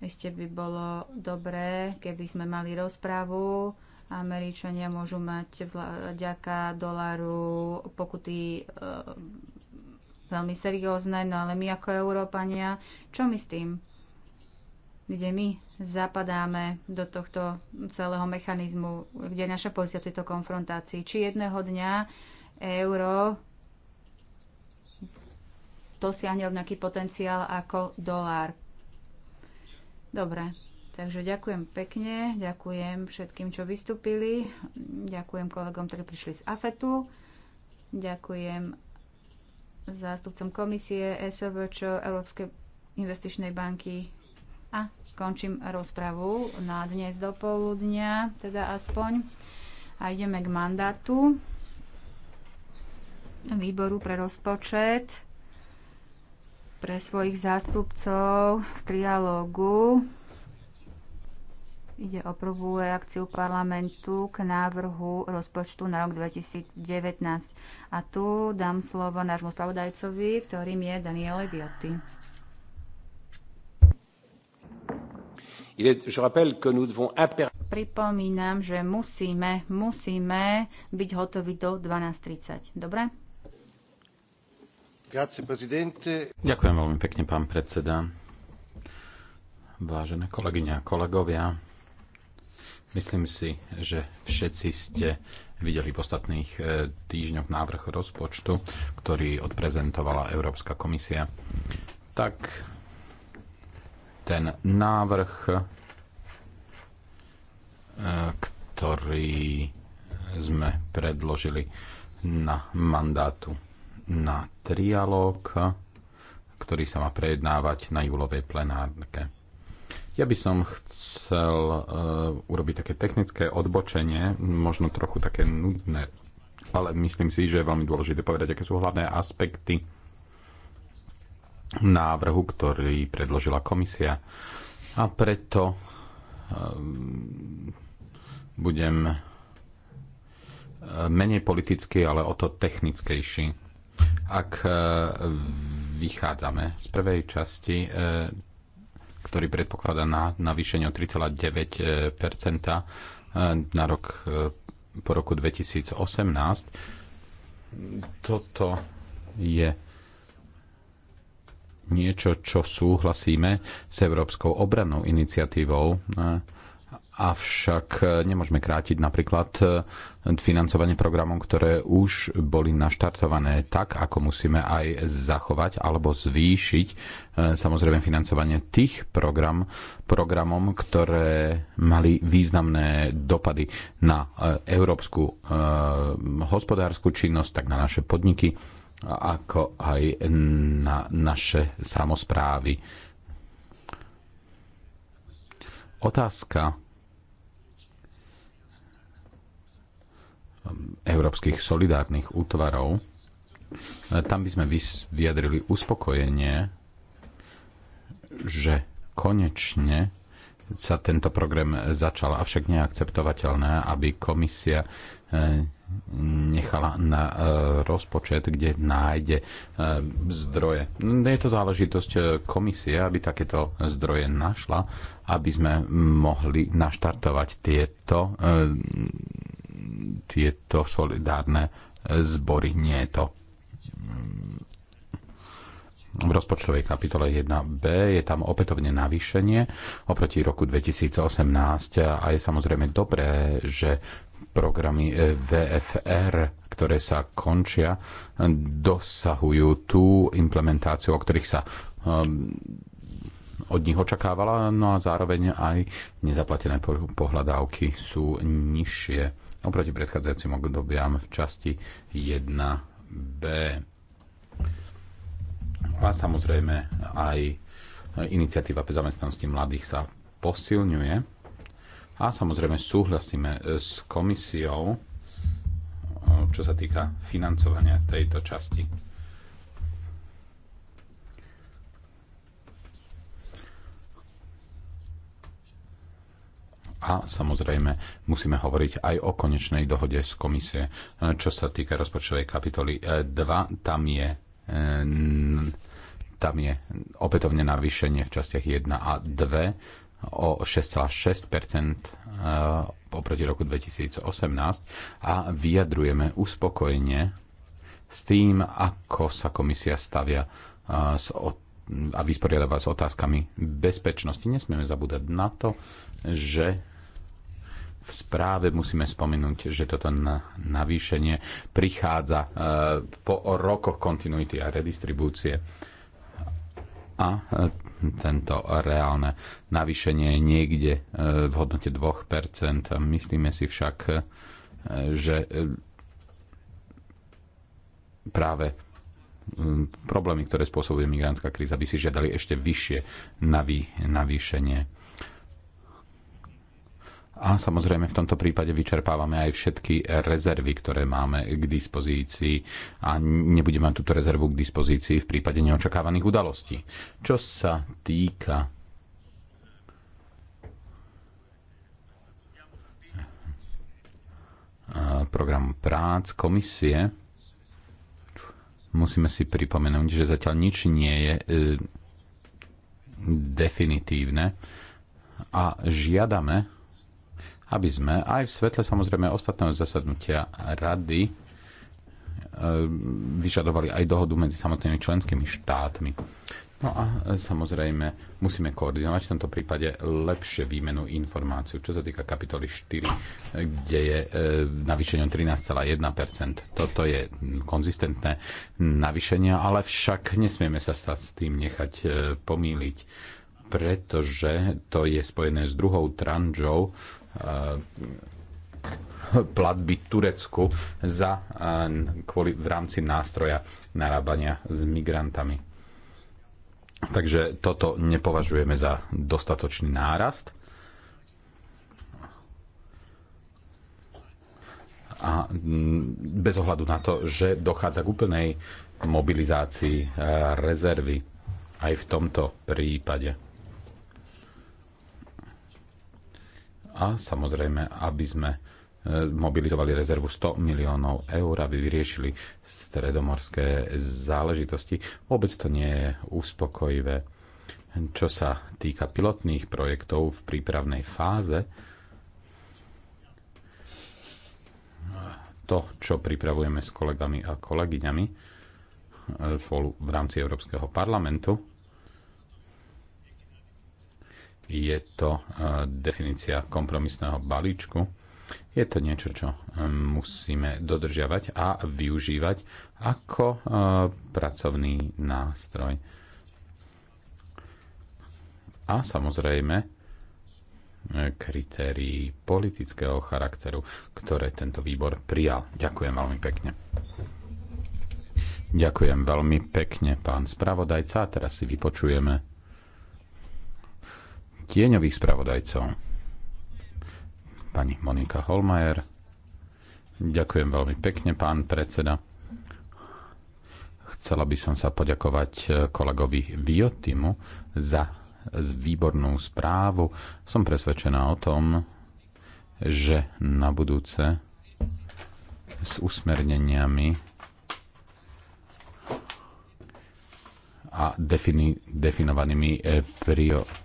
Ešte by bolo dobré, keby sme mali rozprávu. Američania môžu mať vďaka doláru pokuty e, veľmi seriózne, no ale my ako Európania, čo my s tým? Kde my zapadáme do tohto celého mechanizmu, kde je naša pozícia v tejto konfrontácii? Či jedného dňa euro dosiahne nejaký potenciál ako dolár Dobre, takže ďakujem pekne, ďakujem všetkým, čo vystúpili, ďakujem kolegom, ktorí prišli z AFETu, ďakujem zástupcom komisie SVČ Európskej investičnej banky a končím rozpravu na dnes do poludnia, teda aspoň. A ideme k mandátu výboru pre rozpočet pre svojich zástupcov v trialógu. Ide o prvú reakciu parlamentu k návrhu rozpočtu na rok 2019. A tu dám slovo nášmu spravodajcovi, ktorým je Daniele Viotti. Pripomínam, že musíme, musíme byť hotoví do 12.30. Dobre? Ďakujem veľmi pekne, pán predseda. Vážené kolegyne a kolegovia, myslím si, že všetci ste videli v ostatných e, týždňoch návrh rozpočtu, ktorý odprezentovala Európska komisia. Tak ten návrh, e, ktorý sme predložili na mandátu na trialóg, ktorý sa má prejednávať na júlovej plenárke. Ja by som chcel uh, urobiť také technické odbočenie, možno trochu také nudné, ale myslím si, že je veľmi dôležité povedať, aké sú hlavné aspekty návrhu, ktorý predložila komisia. A preto uh, budem e, menej politický, ale o to technickejší ak e, vychádzame z prvej časti, e, ktorý predpokladá na navýšenie o 3,9 e, na rok po roku 2018, toto je niečo, čo súhlasíme s Európskou obrannou iniciatívou avšak e, nemôžeme krátiť napríklad e, financovanie programov, ktoré už boli naštartované tak, ako musíme aj zachovať alebo zvýšiť e, samozrejme financovanie tých program, programom, ktoré mali významné dopady na európsku e, hospodárskú činnosť, tak na naše podniky, ako aj na naše samozprávy. Otázka Um, európskych solidárnych útvarov. Tam by sme vyjadrili uspokojenie, že konečne sa tento program začal, avšak neakceptovateľné, aby komisia e, nechala na e, rozpočet, kde nájde e, zdroje. No, je to záležitosť komisie, aby takéto zdroje našla, aby sme mohli naštartovať tieto tieto solidárne zbory. Nie je to v rozpočtovej kapitole 1b je tam opätovne navýšenie oproti roku 2018 a je samozrejme dobré, že programy e, VFR, ktoré sa končia, dosahujú tú implementáciu, o ktorých sa ehm, od nich očakávala, no a zároveň aj nezaplatené pohľadávky sú nižšie oproti predchádzajúcim obdobiam v časti 1b. A samozrejme aj iniciatíva pre zamestnanosti mladých sa posilňuje. A samozrejme súhlasíme e, s komisiou, e, čo sa týka financovania tejto časti a samozrejme musíme hovoriť aj o konečnej dohode z komisie. E, čo sa týka rozpočtovej kapitoly 2, e, tam je e, tam je opätovne navýšenie v častiach 1 a 2 o 6,6 oproti roku 2018 a vyjadrujeme uspokojenie s tým, ako sa komisia stavia a vysporiadava s otázkami bezpečnosti. Nesmieme zabúdať na to, že v správe musíme spomenúť, že toto navýšenie prichádza e, po rokoch kontinuity a redistribúcie. A e, tento reálne navýšenie je niekde e, v hodnote 2%. Myslíme si však, že práve problémy, ktoré spôsobuje migrantská kríza, by si žiadali ešte vyššie navý, navýšenie a samozrejme v tomto prípade vyčerpávame aj všetky rezervy, ktoré máme k dispozícii a nebudeme mať túto rezervu k dispozícii v prípade neočakávaných udalostí. Čo sa týka program prác komisie, musíme si pripomenúť, že zatiaľ nič nie je e, definitívne a žiadame aby sme aj v svetle samozrejme ostatného zasadnutia rady e, vyžadovali aj dohodu medzi samotnými členskými štátmi. No a e, samozrejme musíme koordinovať v tomto prípade lepšie výmenu informáciu, čo sa týka kapitoly 4, kde je e, navýšenie 13,1%. Toto je konzistentné navýšenie, ale však nesmieme sa stať s tým nechať pomýliť, pretože to je spojené s druhou tranžou E, platby Turecku za, e, kvôli, v rámci nástroja narábania s migrantami. Takže toto nepovažujeme za dostatočný nárast. A bez ohľadu na to, že dochádza k úplnej mobilizácii e, rezervy aj v tomto prípade. a samozrejme, aby sme e, mobilizovali rezervu 100 miliónov eur, aby vyriešili stredomorské záležitosti. Vôbec to nie je uspokojivé. Čo sa týka pilotných projektov v prípravnej fáze, to, čo pripravujeme s kolegami a kolegyňami e, v rámci Európskeho parlamentu, je to e, definícia kompromisného balíčku. Je to niečo, čo e, musíme dodržiavať a využívať ako e, pracovný nástroj. A samozrejme kritérií politického charakteru, ktoré tento výbor prijal. Ďakujem veľmi pekne. Ďakujem veľmi pekne, pán spravodajca. A teraz si vypočujeme tieňových spravodajcov. Pani Monika Holmajer. Ďakujem veľmi pekne, pán predseda. Chcela by som sa poďakovať eh, kolegovi Viotimu za výbornú správu. Som presvedčená o tom, že na budúce s usmerneniami a defini- definovanými eh, priori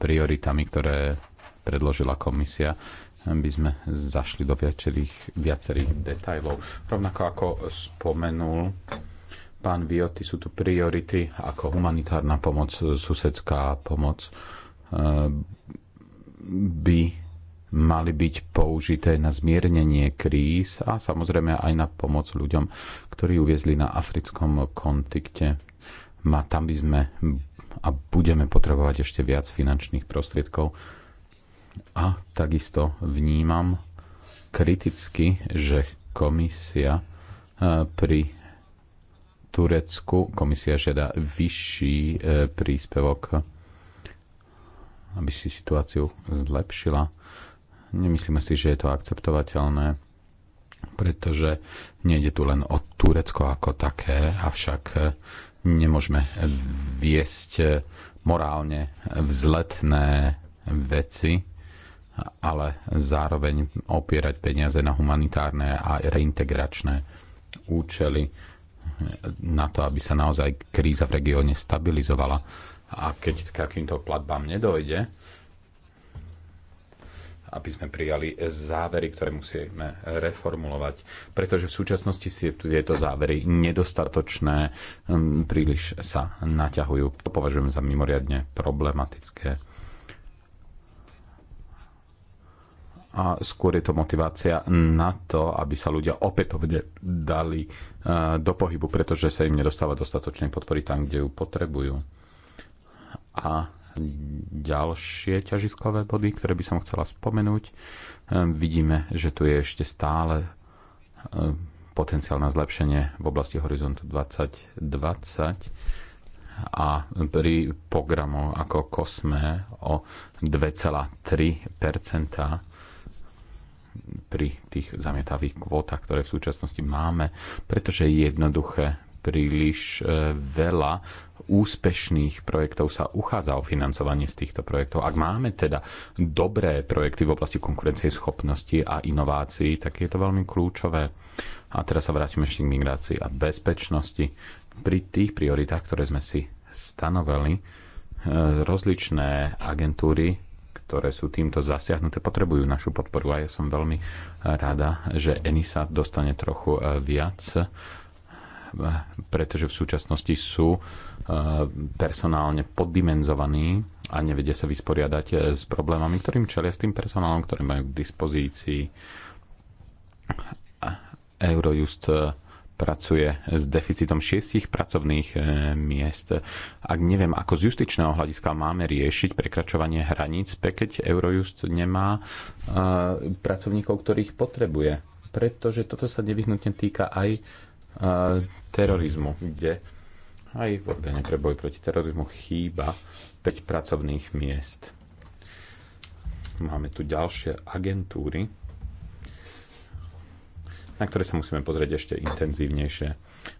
prioritami, ktoré predložila komisia, by sme zašli do viacerých, viacerých detajlov. Rovnako ako spomenul pán Vioty, sú tu priority ako humanitárna pomoc, susedská pomoc eh, by mali byť použité na zmiernenie kríz a samozrejme aj na pomoc ľuďom, ktorí uviezli na africkom kontikte. tam by sme a budeme potrebovať ešte viac finančných prostriedkov. A takisto vnímam kriticky, že komisia eh, pri Turecku, komisia žiada vyšší eh, príspevok, aby si situáciu zlepšila. Nemyslíme si, že je to akceptovateľné, pretože nejde tu len o Turecko ako také, avšak eh, nemôžeme viesť eh, morálne vzletné veci, ale zároveň opierať peniaze na humanitárne a reintegračné účely eh, na to, aby sa naozaj kríza v regióne stabilizovala. A keď takýmto platbám nedojde, aby sme prijali závery, ktoré musíme reformulovať, pretože v súčasnosti si tieto závery nedostatočné, hm, príliš sa naťahujú. To považujem za mimoriadne problematické. A skôr je to motivácia na to, aby sa ľudia opätovne dali eh, do pohybu, pretože sa im nedostáva dostatočnej podpory tam, kde ju potrebujú. A ďalšie ťažiskové body, ktoré by som chcela spomenúť. Ehm, vidíme, že tu je ešte stále ehm, potenciál na zlepšenie v oblasti Horizontu 2020 a pri programoch ako Kosme o 2,3 pri tých zamietavých kvótach, ktoré v súčasnosti máme, pretože je jednoduché príliš e, veľa úspešných projektov sa uchádza o financovanie z týchto projektov. Ak máme teda dobré projekty v oblasti konkurencie schopnosti a inovácií, tak je to veľmi kľúčové. A teraz sa vrátime ešte k migrácii a bezpečnosti. Pri tých prioritách, ktoré sme si stanovali, e, rozličné agentúry ktoré sú týmto zasiahnuté, potrebujú našu podporu a ja som veľmi rada, že ENISA dostane trochu e, viac pretože v súčasnosti sú eh, personálne poddimenzovaní a nevedia sa vysporiadať eh, s problémami, ktorým čelia s tým personálom, ktoré majú k dispozícii. Eurojust eh, pracuje s deficitom šiestich pracovných miest. Ak neviem, ako z justičného hľadiska máme riešiť prekračovanie hraníc, keď Eurojust nemá pracovníkov, ktorých potrebuje. Pretože toto sa nevyhnutne týka aj terorizmu, kde aj v orgáne pre boj proti terorizmu chýba 5 pracovných miest. Máme tu ďalšie agentúry, na ktoré sa musíme pozrieť ešte intenzívnejšie.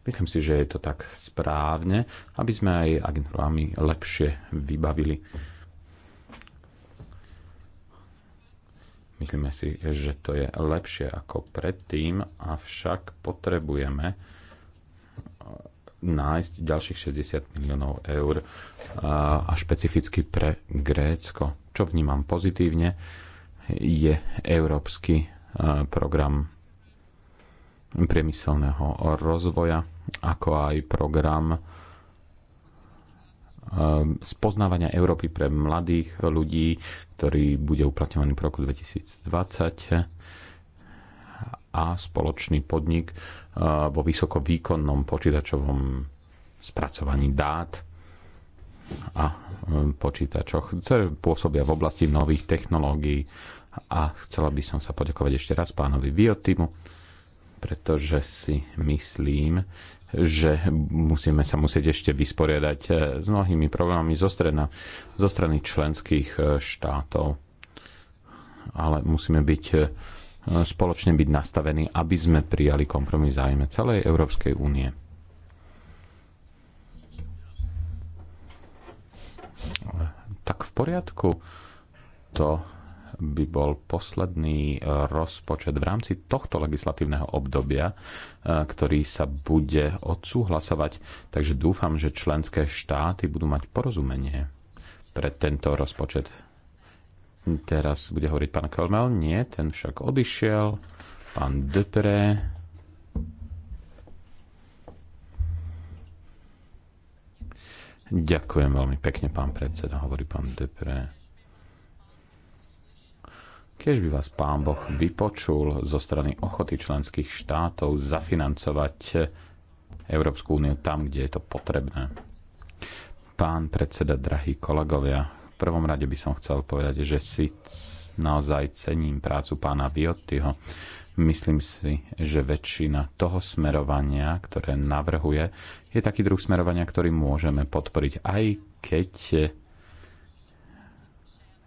Myslím si, že je to tak správne, aby sme aj agentúrami lepšie vybavili. Myslíme si, že to je lepšie ako predtým, avšak potrebujeme nájsť ďalších 60 miliónov eur a špecificky pre Grécko. Čo vnímam pozitívne, je európsky program priemyselného rozvoja, ako aj program spoznávania Európy pre mladých ľudí, ktorý bude uplatňovaný v roku 2020 a spoločný podnik vo vysokovýkonnom počítačovom spracovaní dát a e, počítačoch, ktoré pôsobia v oblasti nových technológií. A chcela by som sa poďakovať ešte raz pánovi Viotimu, pretože si myslím, že musíme sa musieť ešte vysporiadať e, s mnohými problémami zo, strana, zo strany členských e, štátov. Ale musíme byť spoločne byť nastavení, aby sme prijali kompromis zájme celej Európskej únie. Tak v poriadku. To by bol posledný e, rozpočet v rámci tohto legislatívneho obdobia, e, ktorý sa bude odsúhlasovať. Takže dúfam, že členské štáty budú mať porozumenie pre tento rozpočet Teraz bude hovoriť pán Kalmel. Nie, ten však odišiel. Pán Depré. Ďakujem veľmi pekne, pán predseda, hovorí pán Depré. Keď by vás pán Boh vypočul zo strany ochoty členských štátov zafinancovať Európsku úniu tam, kde je to potrebné. Pán predseda, drahí kolegovia, prvom rade by som chcel povedať, že si naozaj cením prácu pána Viottyho. Myslím si, že väčšina toho smerovania, ktoré navrhuje, je taký druh smerovania, ktorý môžeme podporiť, aj keď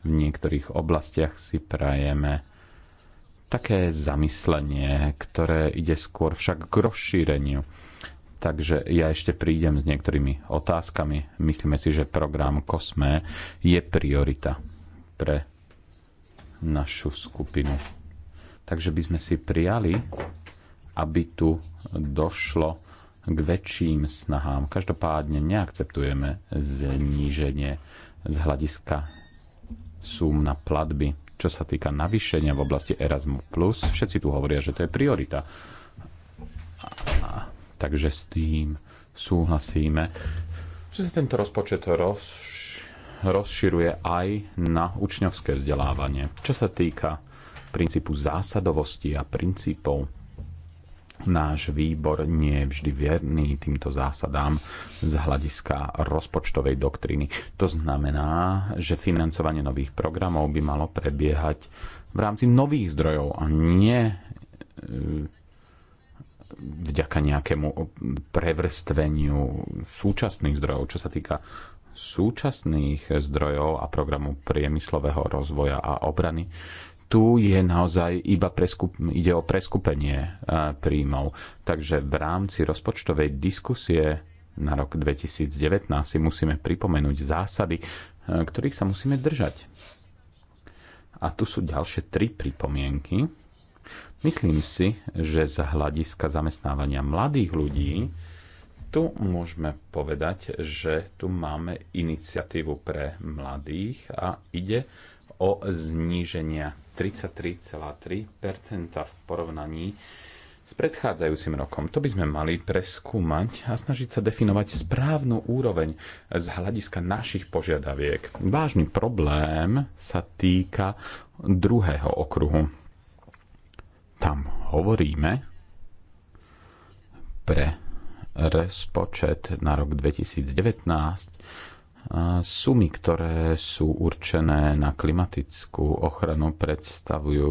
v niektorých oblastiach si prajeme také zamyslenie, ktoré ide skôr však k rozšíreniu Takže ja ešte prídem s niektorými otázkami. Myslíme si, že program kosme je priorita pre našu skupinu. Takže by sme si prijali, aby tu došlo k väčším snahám. Každopádne neakceptujeme zníženie z hľadiska súm na platby. Čo sa týka navýšenia v oblasti Erasmus+, všetci tu hovoria, že to je priorita. Takže s tým súhlasíme, že sa tento rozpočet roz, rozširuje aj na učňovské vzdelávanie. Čo sa týka princípu zásadovosti a princípov, náš výbor nie je vždy vierný týmto zásadám z hľadiska rozpočtovej doktriny. To znamená, že financovanie nových programov by malo prebiehať v rámci nových zdrojov a nie e, vďaka nejakému prevrstveniu súčasných zdrojov, čo sa týka súčasných zdrojov a programu priemyslového rozvoja a obrany, tu je naozaj iba preskup, ide o preskupenie e, príjmov. Takže v rámci rozpočtovej diskusie na rok 2019 si musíme pripomenúť zásady, e, ktorých sa musíme držať. A tu sú ďalšie tri pripomienky Myslím si, že z hľadiska zamestnávania mladých ľudí tu môžeme povedať, že tu máme iniciatívu pre mladých a ide o zníženia 33,3 v porovnaní s predchádzajúcim rokom. To by sme mali preskúmať a snažiť sa definovať správnu úroveň z hľadiska našich požiadaviek. Vážny problém sa týka druhého okruhu tam hovoríme pre rozpočet na rok 2019 e, sumy, ktoré sú určené na klimatickú ochranu, predstavujú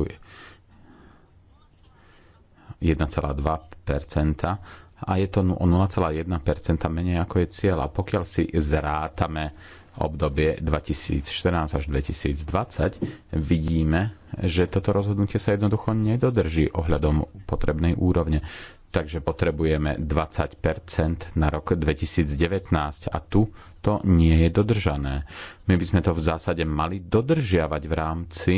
1,2 a je to o 0,1 menej ako je cieľ. A pokiaľ si zrátame obdobie 2014 až 2020, vidíme, že toto rozhodnutie sa jednoducho nedodrží ohľadom potrebnej úrovne. Takže potrebujeme 20 na rok 2019 a tu to nie je dodržané. My by sme to v zásade mali dodržiavať v rámci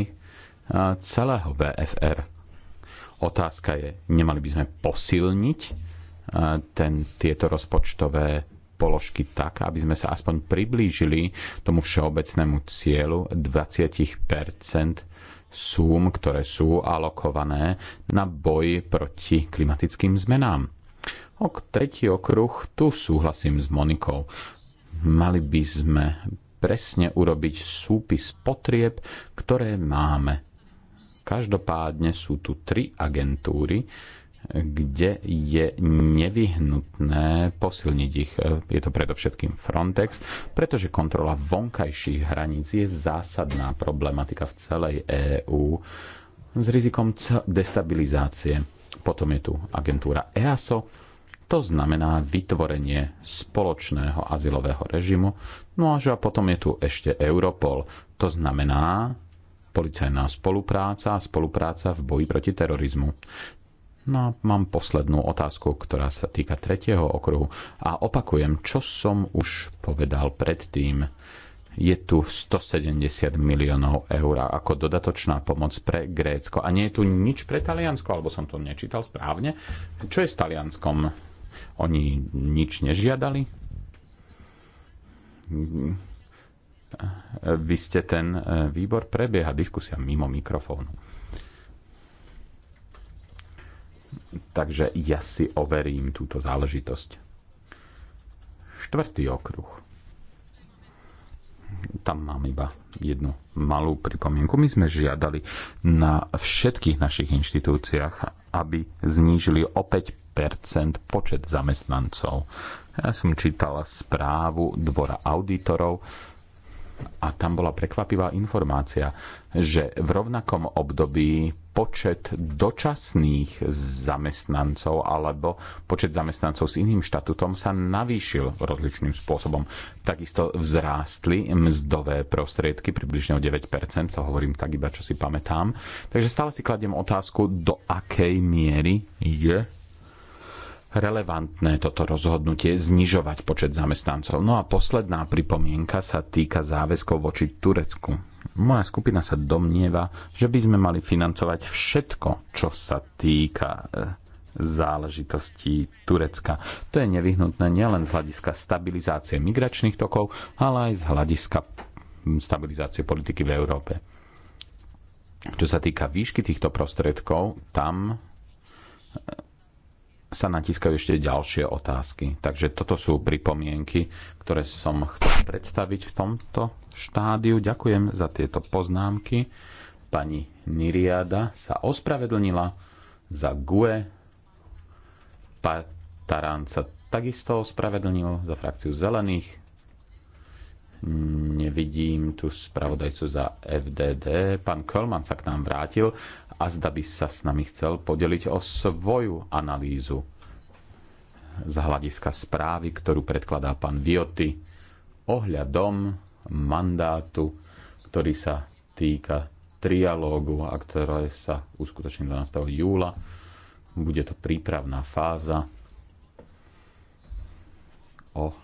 celého BFR. Otázka je, nemali by sme posilniť ten, tieto rozpočtové položky tak, aby sme sa aspoň priblížili tomu všeobecnému cieľu 20 súm, ktoré sú alokované na boj proti klimatickým zmenám. Ok, tretí okruh, tu súhlasím s Monikou. Mali by sme presne urobiť súpis potrieb, ktoré máme. Každopádne sú tu tri agentúry, kde je nevyhnutné posilniť ich. Je to predovšetkým Frontex, pretože kontrola vonkajších hraníc je zásadná problematika v celej EÚ s rizikom destabilizácie. Potom je tu agentúra EASO, to znamená vytvorenie spoločného azylového režimu. No a že potom je tu ešte Europol, to znamená policajná spolupráca a spolupráca v boji proti terorizmu. No, a mám poslednú otázku, ktorá sa týka tretieho okruhu. A opakujem, čo som už povedal predtým. Je tu 170 miliónov eur ako dodatočná pomoc pre Grécko. A nie je tu nič pre Taliansko, alebo som to nečítal správne. Čo je s Talianskom? Oni nič nežiadali? Vy ste ten eh, výbor, prebieha diskusia mimo mikrofónu. takže ja si overím túto záležitosť. Štvrtý okruh. Tam mám iba jednu malú pripomienku. My sme žiadali na všetkých našich inštitúciách, aby znížili o 5 počet zamestnancov. Ja som čítala správu Dvora auditorov, a tam bola prekvapivá informácia, že v rovnakom období počet dočasných zamestnancov alebo počet zamestnancov s iným štatutom sa navýšil rozličným spôsobom. Takisto vzrástli mzdové prostriedky približne o 9%, to hovorím tak iba, čo si pamätám. Takže stále si kladiem otázku, do akej miery je relevantné toto rozhodnutie znižovať počet zamestnancov. No a posledná pripomienka sa týka záväzkov voči Turecku moja skupina sa domnieva, že by sme mali financovať všetko, čo sa týka e, záležitostí Turecka. To je nevyhnutné nielen z hľadiska stabilizácie migračných tokov, ale aj z hľadiska stabilizácie politiky v Európe. Čo sa týka výšky týchto prostriedkov, tam e, sa natiskajú ešte ďalšie otázky. Takže toto sú pripomienky, ktoré som chcel predstaviť v tomto štádiu. Ďakujem za tieto poznámky. Pani Niriada sa ospravedlnila za GUE. Pán Tarán sa takisto ospravedlnil za frakciu zelených. Nevidím tu spravodajcu za FDD. Pán Kölman sa k nám vrátil a zda by sa s nami chcel podeliť o svoju analýzu z hľadiska správy, ktorú predkladá pán Vioty ohľadom mandátu, ktorý sa týka trialógu a ktoré sa uskutoční 12. júla. Bude to prípravná fáza o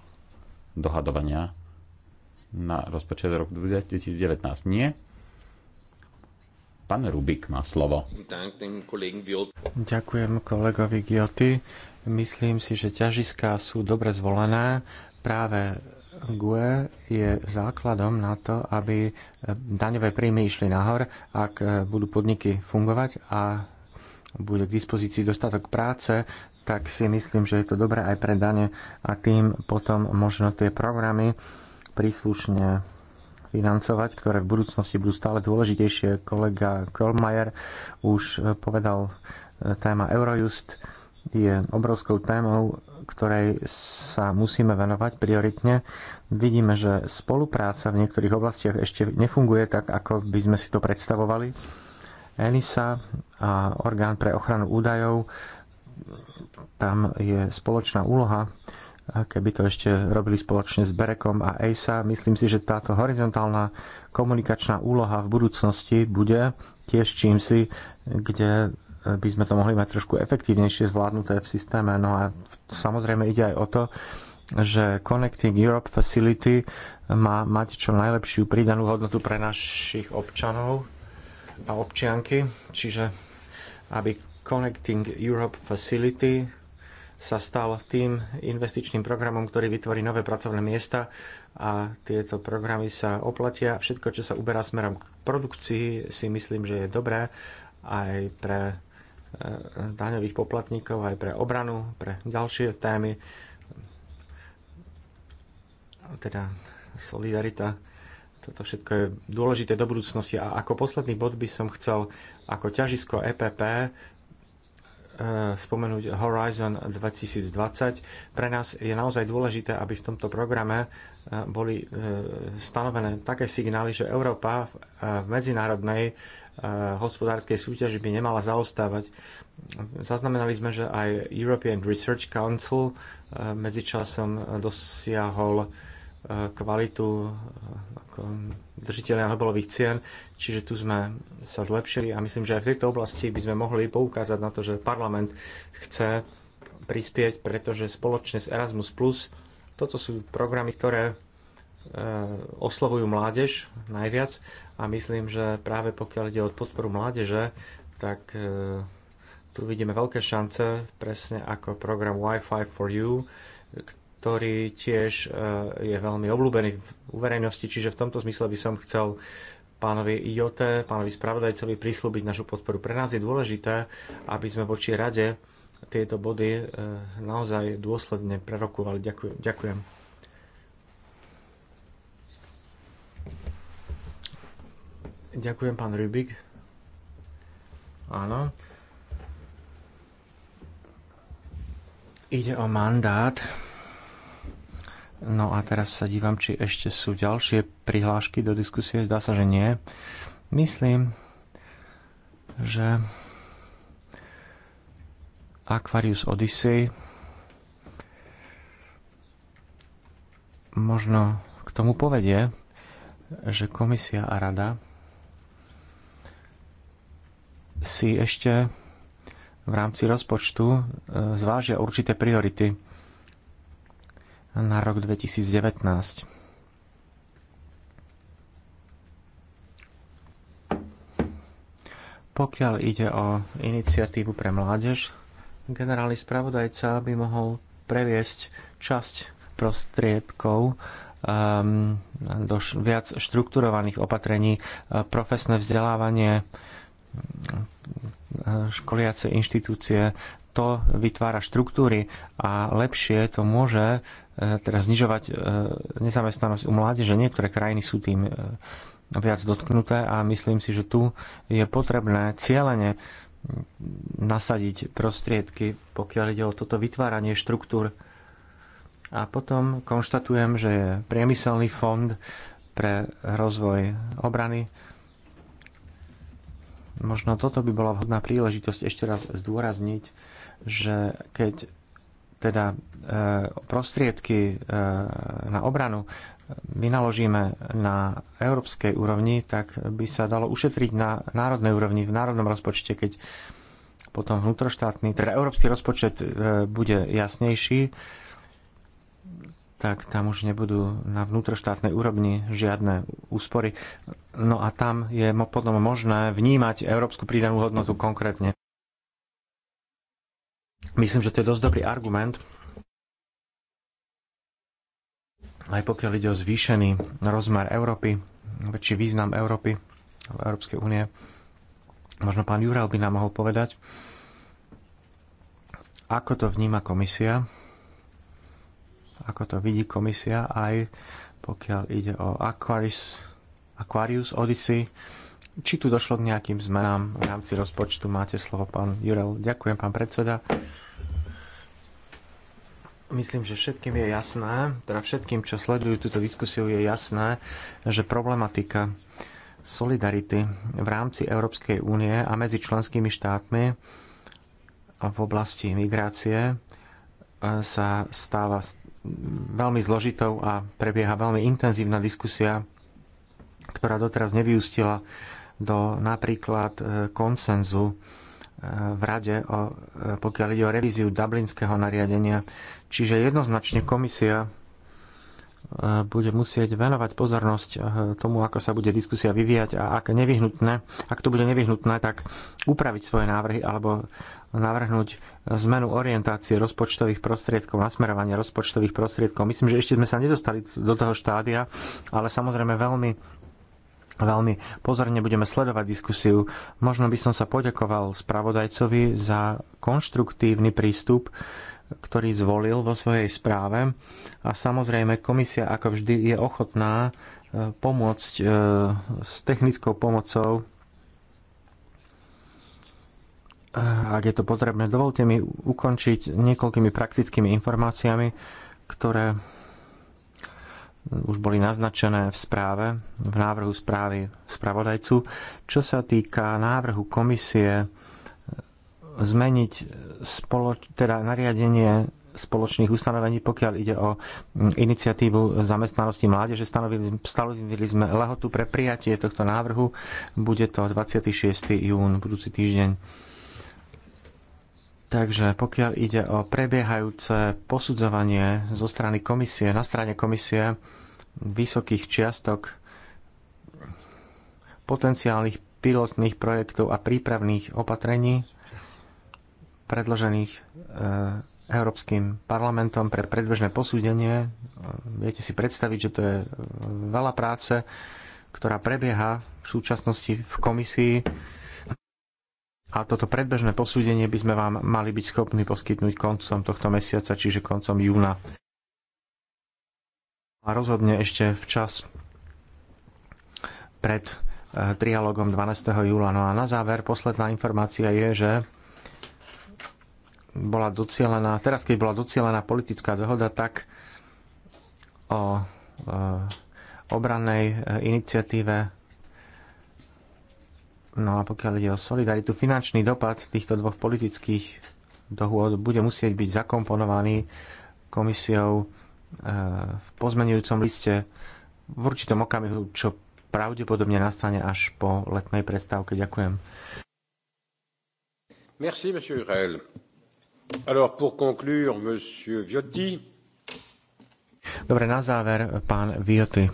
dohadovania na rozpočet roku 2019. Nie, Pán Rubik má slovo. Ďakujem kolegovi Gioty. Myslím si, že ťažiská sú dobre zvolené. Práve GUE je základom na to, aby daňové príjmy išli nahor, ak budú podniky fungovať a bude k dispozícii dostatok práce, tak si myslím, že je to dobré aj pre dane a tým potom možno tie programy príslušne financovať, ktoré v budúcnosti budú stále dôležitejšie. Kolega Krollmeier už e, povedal, e, téma Eurojust je obrovskou témou, ktorej sa musíme venovať prioritne. Vidíme, že spolupráca v niektorých oblastiach ešte nefunguje tak, ako by sme si to predstavovali. ENISA a orgán pre ochranu údajov, tam je spoločná úloha a keby to ešte robili spoločne s Berekom a ESA. Myslím si, že táto horizontálna komunikačná úloha v budúcnosti bude tiež čím si, kde by sme to mohli mať trošku efektívnejšie zvládnuté v systéme. No a samozrejme ide aj o to, že Connecting Europe Facility má mať čo najlepšiu pridanú hodnotu pre našich občanov a občianky, čiže aby Connecting Europe Facility sa stal tým investičným programom, ktorý vytvorí nové pracovné miesta a tieto programy sa oplatia. Všetko, čo sa uberá smerom k produkcii, si myslím, že je dobré aj pre e, daňových poplatníkov, aj pre obranu, pre ďalšie témy. Teda solidarita, toto všetko je dôležité do budúcnosti. A ako posledný bod by som chcel ako ťažisko EPP Eh, spomenúť Horizon 2020. Pre nás je naozaj dôležité, aby v tomto programe eh, boli eh, stanovené také signály, že Európa v medzinárodnej hospodárskej súťaži by nemala zaostávať. Zaznamenali sme, že aj European Research Council medzičasom dosiahol E, kvalitu e, ako držiteľia Nobelových cien, čiže tu sme sa zlepšili a myslím, že aj v tejto oblasti by sme mohli poukázať na to, že parlament chce prispieť, pretože spoločne s Erasmus+, toto sú programy, ktoré e, oslovujú mládež najviac a myslím, že práve pokiaľ ide o podporu mládeže, tak tu vidíme veľké šance, presne ako program Wi-Fi for You, ktorý tiež e, je veľmi obľúbený u verejnosti, čiže v tomto zmysle by som chcel pánovi IOT, pánovi spravodajcovi prislúbiť našu podporu. Pre nás je dôležité, aby sme voči rade tieto body e, naozaj dôsledne prerokovali. Ďakujem. Ďakujem. Ďakujem, pán Rubik. Áno. Ide o mandát No a teraz sa dívam, či ešte sú ďalšie prihlášky do diskusie. Zdá sa, že nie. Myslím, že Aquarius Odyssey možno k tomu povedie, že komisia a rada si ešte v rámci rozpočtu e, zvážia určité priority na rok 2019. Pokiaľ ide o iniciatívu pre mládež, generálny spravodajca by mohol previesť časť prostriedkov ehm, do viac štrukturovaných opatrení, e, profesné vzdelávanie, e, školiace inštitúcie, to vytvára štruktúry a lepšie to môže E, teda znižovať e, nezamestnanosť u mládeže. Niektoré krajiny sú tým e, viac dotknuté a myslím si, že tu je potrebné cieľene nasadiť prostriedky, pokiaľ ide o toto vytváranie štruktúr. A potom konštatujem, že je priemyselný fond pre rozvoj obrany. Možno toto by bola vhodná príležitosť ešte raz zdôrazniť, že keď teda e, prostriedky e, na obranu vynaložíme e, na európskej úrovni, tak by sa dalo ušetriť na národnej úrovni, v národnom rozpočte, keď potom vnútroštátny, teda európsky rozpočet bude jasnejší, tak tam už nebudú na vnútroštátnej úrovni žiadne úspory. No a tam je potom možné vnímať európsku pridanú hodnotu konkrétne. Myslím, že to je dosť dobrý argument, aj pokiaľ ide o zvýšený rozmer Európy, väčší význam Európy, Európskej únie. Možno pán Jurel by nám mohol povedať, ako to vníma komisia, ako to vidí komisia, aj pokiaľ ide o Aquarius, Aquarius Odyssey, či tu došlo k nejakým zmenám v rámci rozpočtu. Máte slovo, pán Jurel. Ďakujem, pán predseda. Myslím, že všetkým je jasné, teda všetkým, čo sledujú túto diskusiu, je jasné, že problematika solidarity v rámci Európskej únie a medzi členskými štátmi v oblasti migrácie e, sa stáva veľmi zložitou a prebieha veľmi intenzívna diskusia, ktorá doteraz nevyústila do napríklad e, konsenzu e, v rade, o, e, pokiaľ ide o revíziu dublinského nariadenia. Čiže jednoznačne komisia bude musieť venovať pozornosť tomu, ako sa bude diskusia vyvíjať a ak, nevyhnutné, ak to bude nevyhnutné, tak upraviť svoje návrhy alebo navrhnúť zmenu orientácie rozpočtových prostriedkov, nasmerovania rozpočtových prostriedkov. Myslím, že ešte sme sa nedostali do toho štádia, ale samozrejme veľmi veľmi pozorne budeme sledovať diskusiu. Možno by som sa poďakoval spravodajcovi za konštruktívny prístup, ktorý zvolil vo svojej správe. A samozrejme, komisia ako vždy je ochotná e, pomôcť e, s technickou pomocou, e, ak je to potrebné. Dovolte mi ukončiť niekoľkými praktickými informáciami, ktoré už boli naznačené v správe, v návrhu správy spravodajcu. Čo sa týka návrhu komisie e, zmeniť spoloč, teda nariadenie spoločných ustanovení, pokiaľ ide o iniciatívu zamestnanosti mládeže. Stanovili, stanovili sme lehotu pre prijatie tohto návrhu. Bude to 26. jún, budúci týždeň. Takže pokiaľ ide o prebiehajúce posudzovanie zo strany komisie, na strane komisie, vysokých čiastok potenciálnych pilotných projektov a prípravných opatrení predložených eh, Európskym parlamentom pre predbežné posúdenie. Viete si predstaviť, že to je eh, veľa práce, ktorá prebieha v súčasnosti v komisii. A toto predbežné posúdenie by sme vám mali byť schopní poskytnúť koncom tohto mesiaca, čiže koncom júna a rozhodne ešte včas pred e, trialogom 12. júla. No a na záver posledná informácia je, že bola docielená, teraz keď bola docielená politická dohoda, tak o e, obrannej e, iniciatíve No a pokiaľ ide o solidaritu, finančný dopad týchto dvoch politických dohôd bude musieť byť zakomponovaný komisiou E, v pozmenujúcom liste v určitom okamihu, čo pravdepodobne nastane až po letnej prestávke. Ďakujem. Merci, monsieur Urel. Alors, pour conclure, monsieur Viotti. Dobre, na záver, pán Viotti.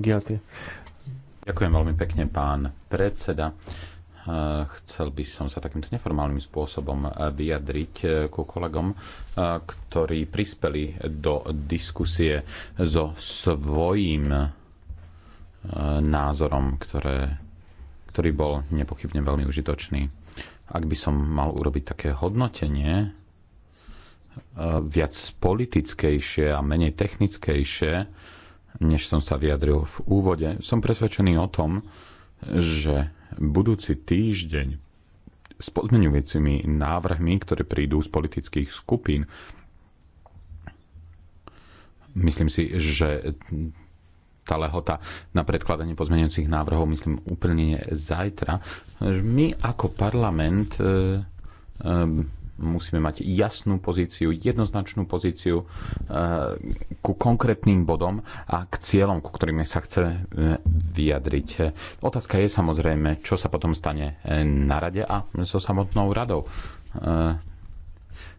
Viotti. Ďakujem veľmi pekne, pán predseda. Chcel by som sa takýmto neformálnym spôsobom eh, vyjadriť eh, ku kolegom, eh, ktorí prispeli do diskusie so svojím názorom, ktoré, ktorý bol nepochybne veľmi užitočný. Ak by som mal urobiť také hodnotenie, viac politickejšie a menej technickejšie, než som sa vyjadril v úvode, som presvedčený o tom, že budúci týždeň s pozmeňujúcimi návrhmi, ktoré prídu z politických skupín. Myslím si, že tá lehota na predkladanie pozmeňujúcich návrhov, myslím, úplne zajtra. My ako parlament e, e, musíme mať jasnú pozíciu, jednoznačnú pozíciu eh, ku konkrétnym bodom a k cieľom, ku ktorým sa chce eh, vyjadriť. Otázka je samozrejme, čo sa potom stane eh, na rade a so samotnou radou.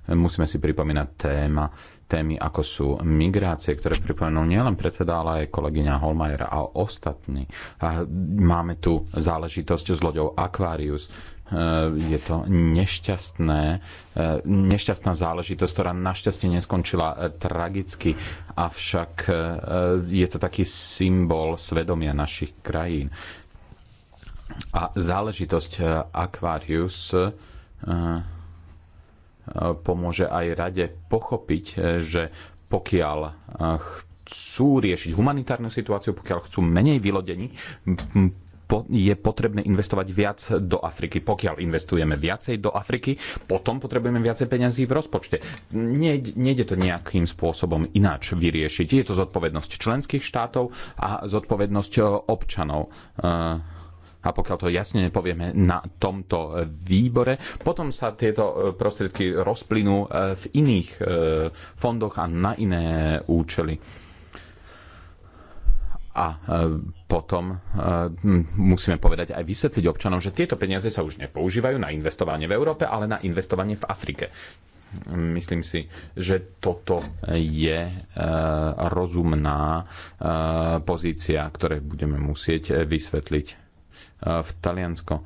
Musíme si pripomínať téma, témy, ako sú migrácie, ktoré pripomenul nielen predseda, ale aj kolegyňa Holmajera a ostatní. A máme tu záležitosť s loďou Aquarius, Eh, je to nešťastné, eh, nešťastná záležitosť, ktorá našťastie neskončila eh, tragicky, avšak je to taký symbol svedomia našich krajín. A záležitosť Aquarius pomôže aj rade pochopiť, že pokiaľ chcú riešiť humanitárnu situáciu, pokiaľ chcú menej vylodení, je potrebné investovať viac do Afriky. Pokiaľ investujeme viacej do Afriky, potom potrebujeme viacej peňazí v rozpočte. Nejde to nejakým spôsobom ináč vyriešiť. Je to zodpovednosť členských štátov a zodpovednosť e, občanov e, a pokiaľ to jasne nepovieme na tomto výbore, potom sa tieto e, prostriedky rozplynú v iných fondoch a na iné účely. A e, potom e, musíme povedať aj vysvetliť občanom, že tieto peniaze sa už nepoužívajú na investovanie v Európe, ale na investovanie v Afrike. Myslím si, že toto je e, rozumná pozícia, ktoré budeme musieť vysvetliť v Taliansko.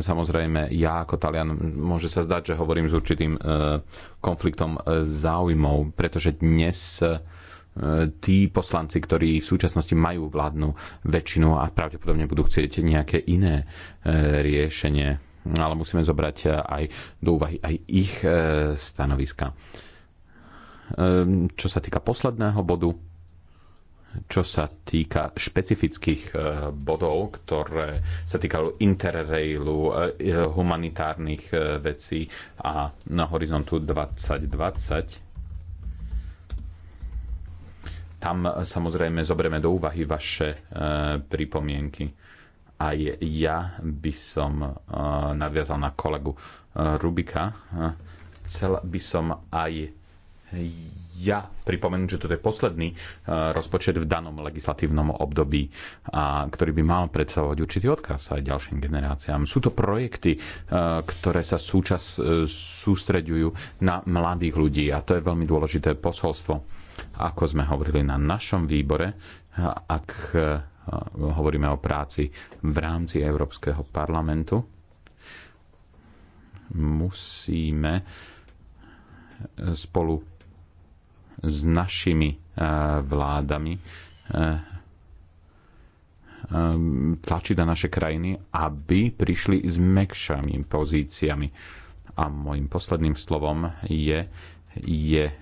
Samozrejme, ja ako Talian môže sa zdať, že hovorím s určitým konfliktom záujmov, pretože dnes tí poslanci, ktorí v súčasnosti majú vládnu väčšinu a pravdepodobne budú chcieť nejaké iné e, riešenie. Ale musíme zobrať e, aj do úvahy aj ich e, stanoviska. Čo sa týka posledného bodu, čo sa týka špecifických bodov, ktoré sa týkalo interrailu, humanitárnych vecí a na horizontu 2020, tam samozrejme zoberieme do úvahy vaše e, pripomienky. Aj ja by som e, nadviazal na kolegu e, Rubika. Chcel by som aj ja pripomenúť, že toto je posledný rozpočet v danom legislatívnom období, a ktorý by mal predstavovať určitý odkaz aj ďalším generáciám. Sú to projekty, ktoré sa súčas sústreďujú na mladých ľudí a to je veľmi dôležité posolstvo ako sme hovorili na našom výbore, ak eh, hovoríme o práci v rámci Európskeho parlamentu, musíme spolu s našimi eh, vládami eh, tlačiť na naše krajiny, aby prišli s mekšami pozíciami. A môjim posledným slovom je, je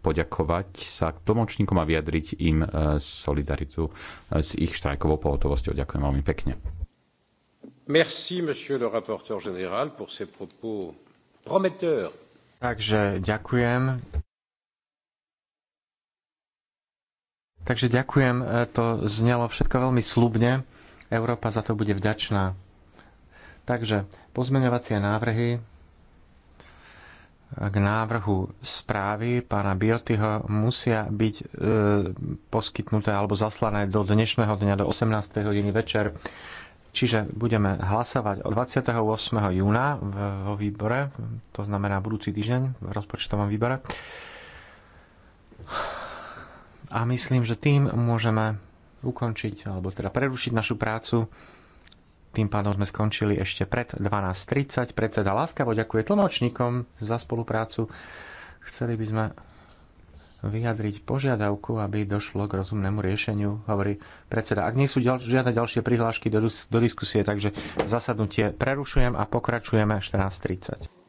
poďakovať sa tlmočníkom a vyjadriť im solidaritu s ich štrajkovou pohotovosťou. Ďakujem veľmi pekne. Merci, monsieur le rapporteur général, pour ces propos prometteurs. Takže ďakujem. Takže ďakujem, e, to znelo všetko veľmi slubne. Európa za to bude vďačná. Takže pozmeňovacie návrhy k návrhu správy pána Biotyho musia byť e, poskytnuté alebo zaslané do dnešného dňa do 18. hodiny večer. Čiže budeme hlasovať od 28. júna vo výbore, to znamená budúci týždeň v rozpočtovom výbore. A myslím, že tým môžeme ukončiť, alebo teda prerušiť našu prácu. Tým pádom sme skončili ešte pred 12.30. Predseda láskavo ďakuje tlmočníkom za spoluprácu. Chceli by sme vyjadriť požiadavku, aby došlo k rozumnému riešeniu, hovorí predseda. Ak nie sú ďal, žiadne ďalšie prihlášky do, do diskusie, takže zasadnutie prerušujem a pokračujeme 14.30.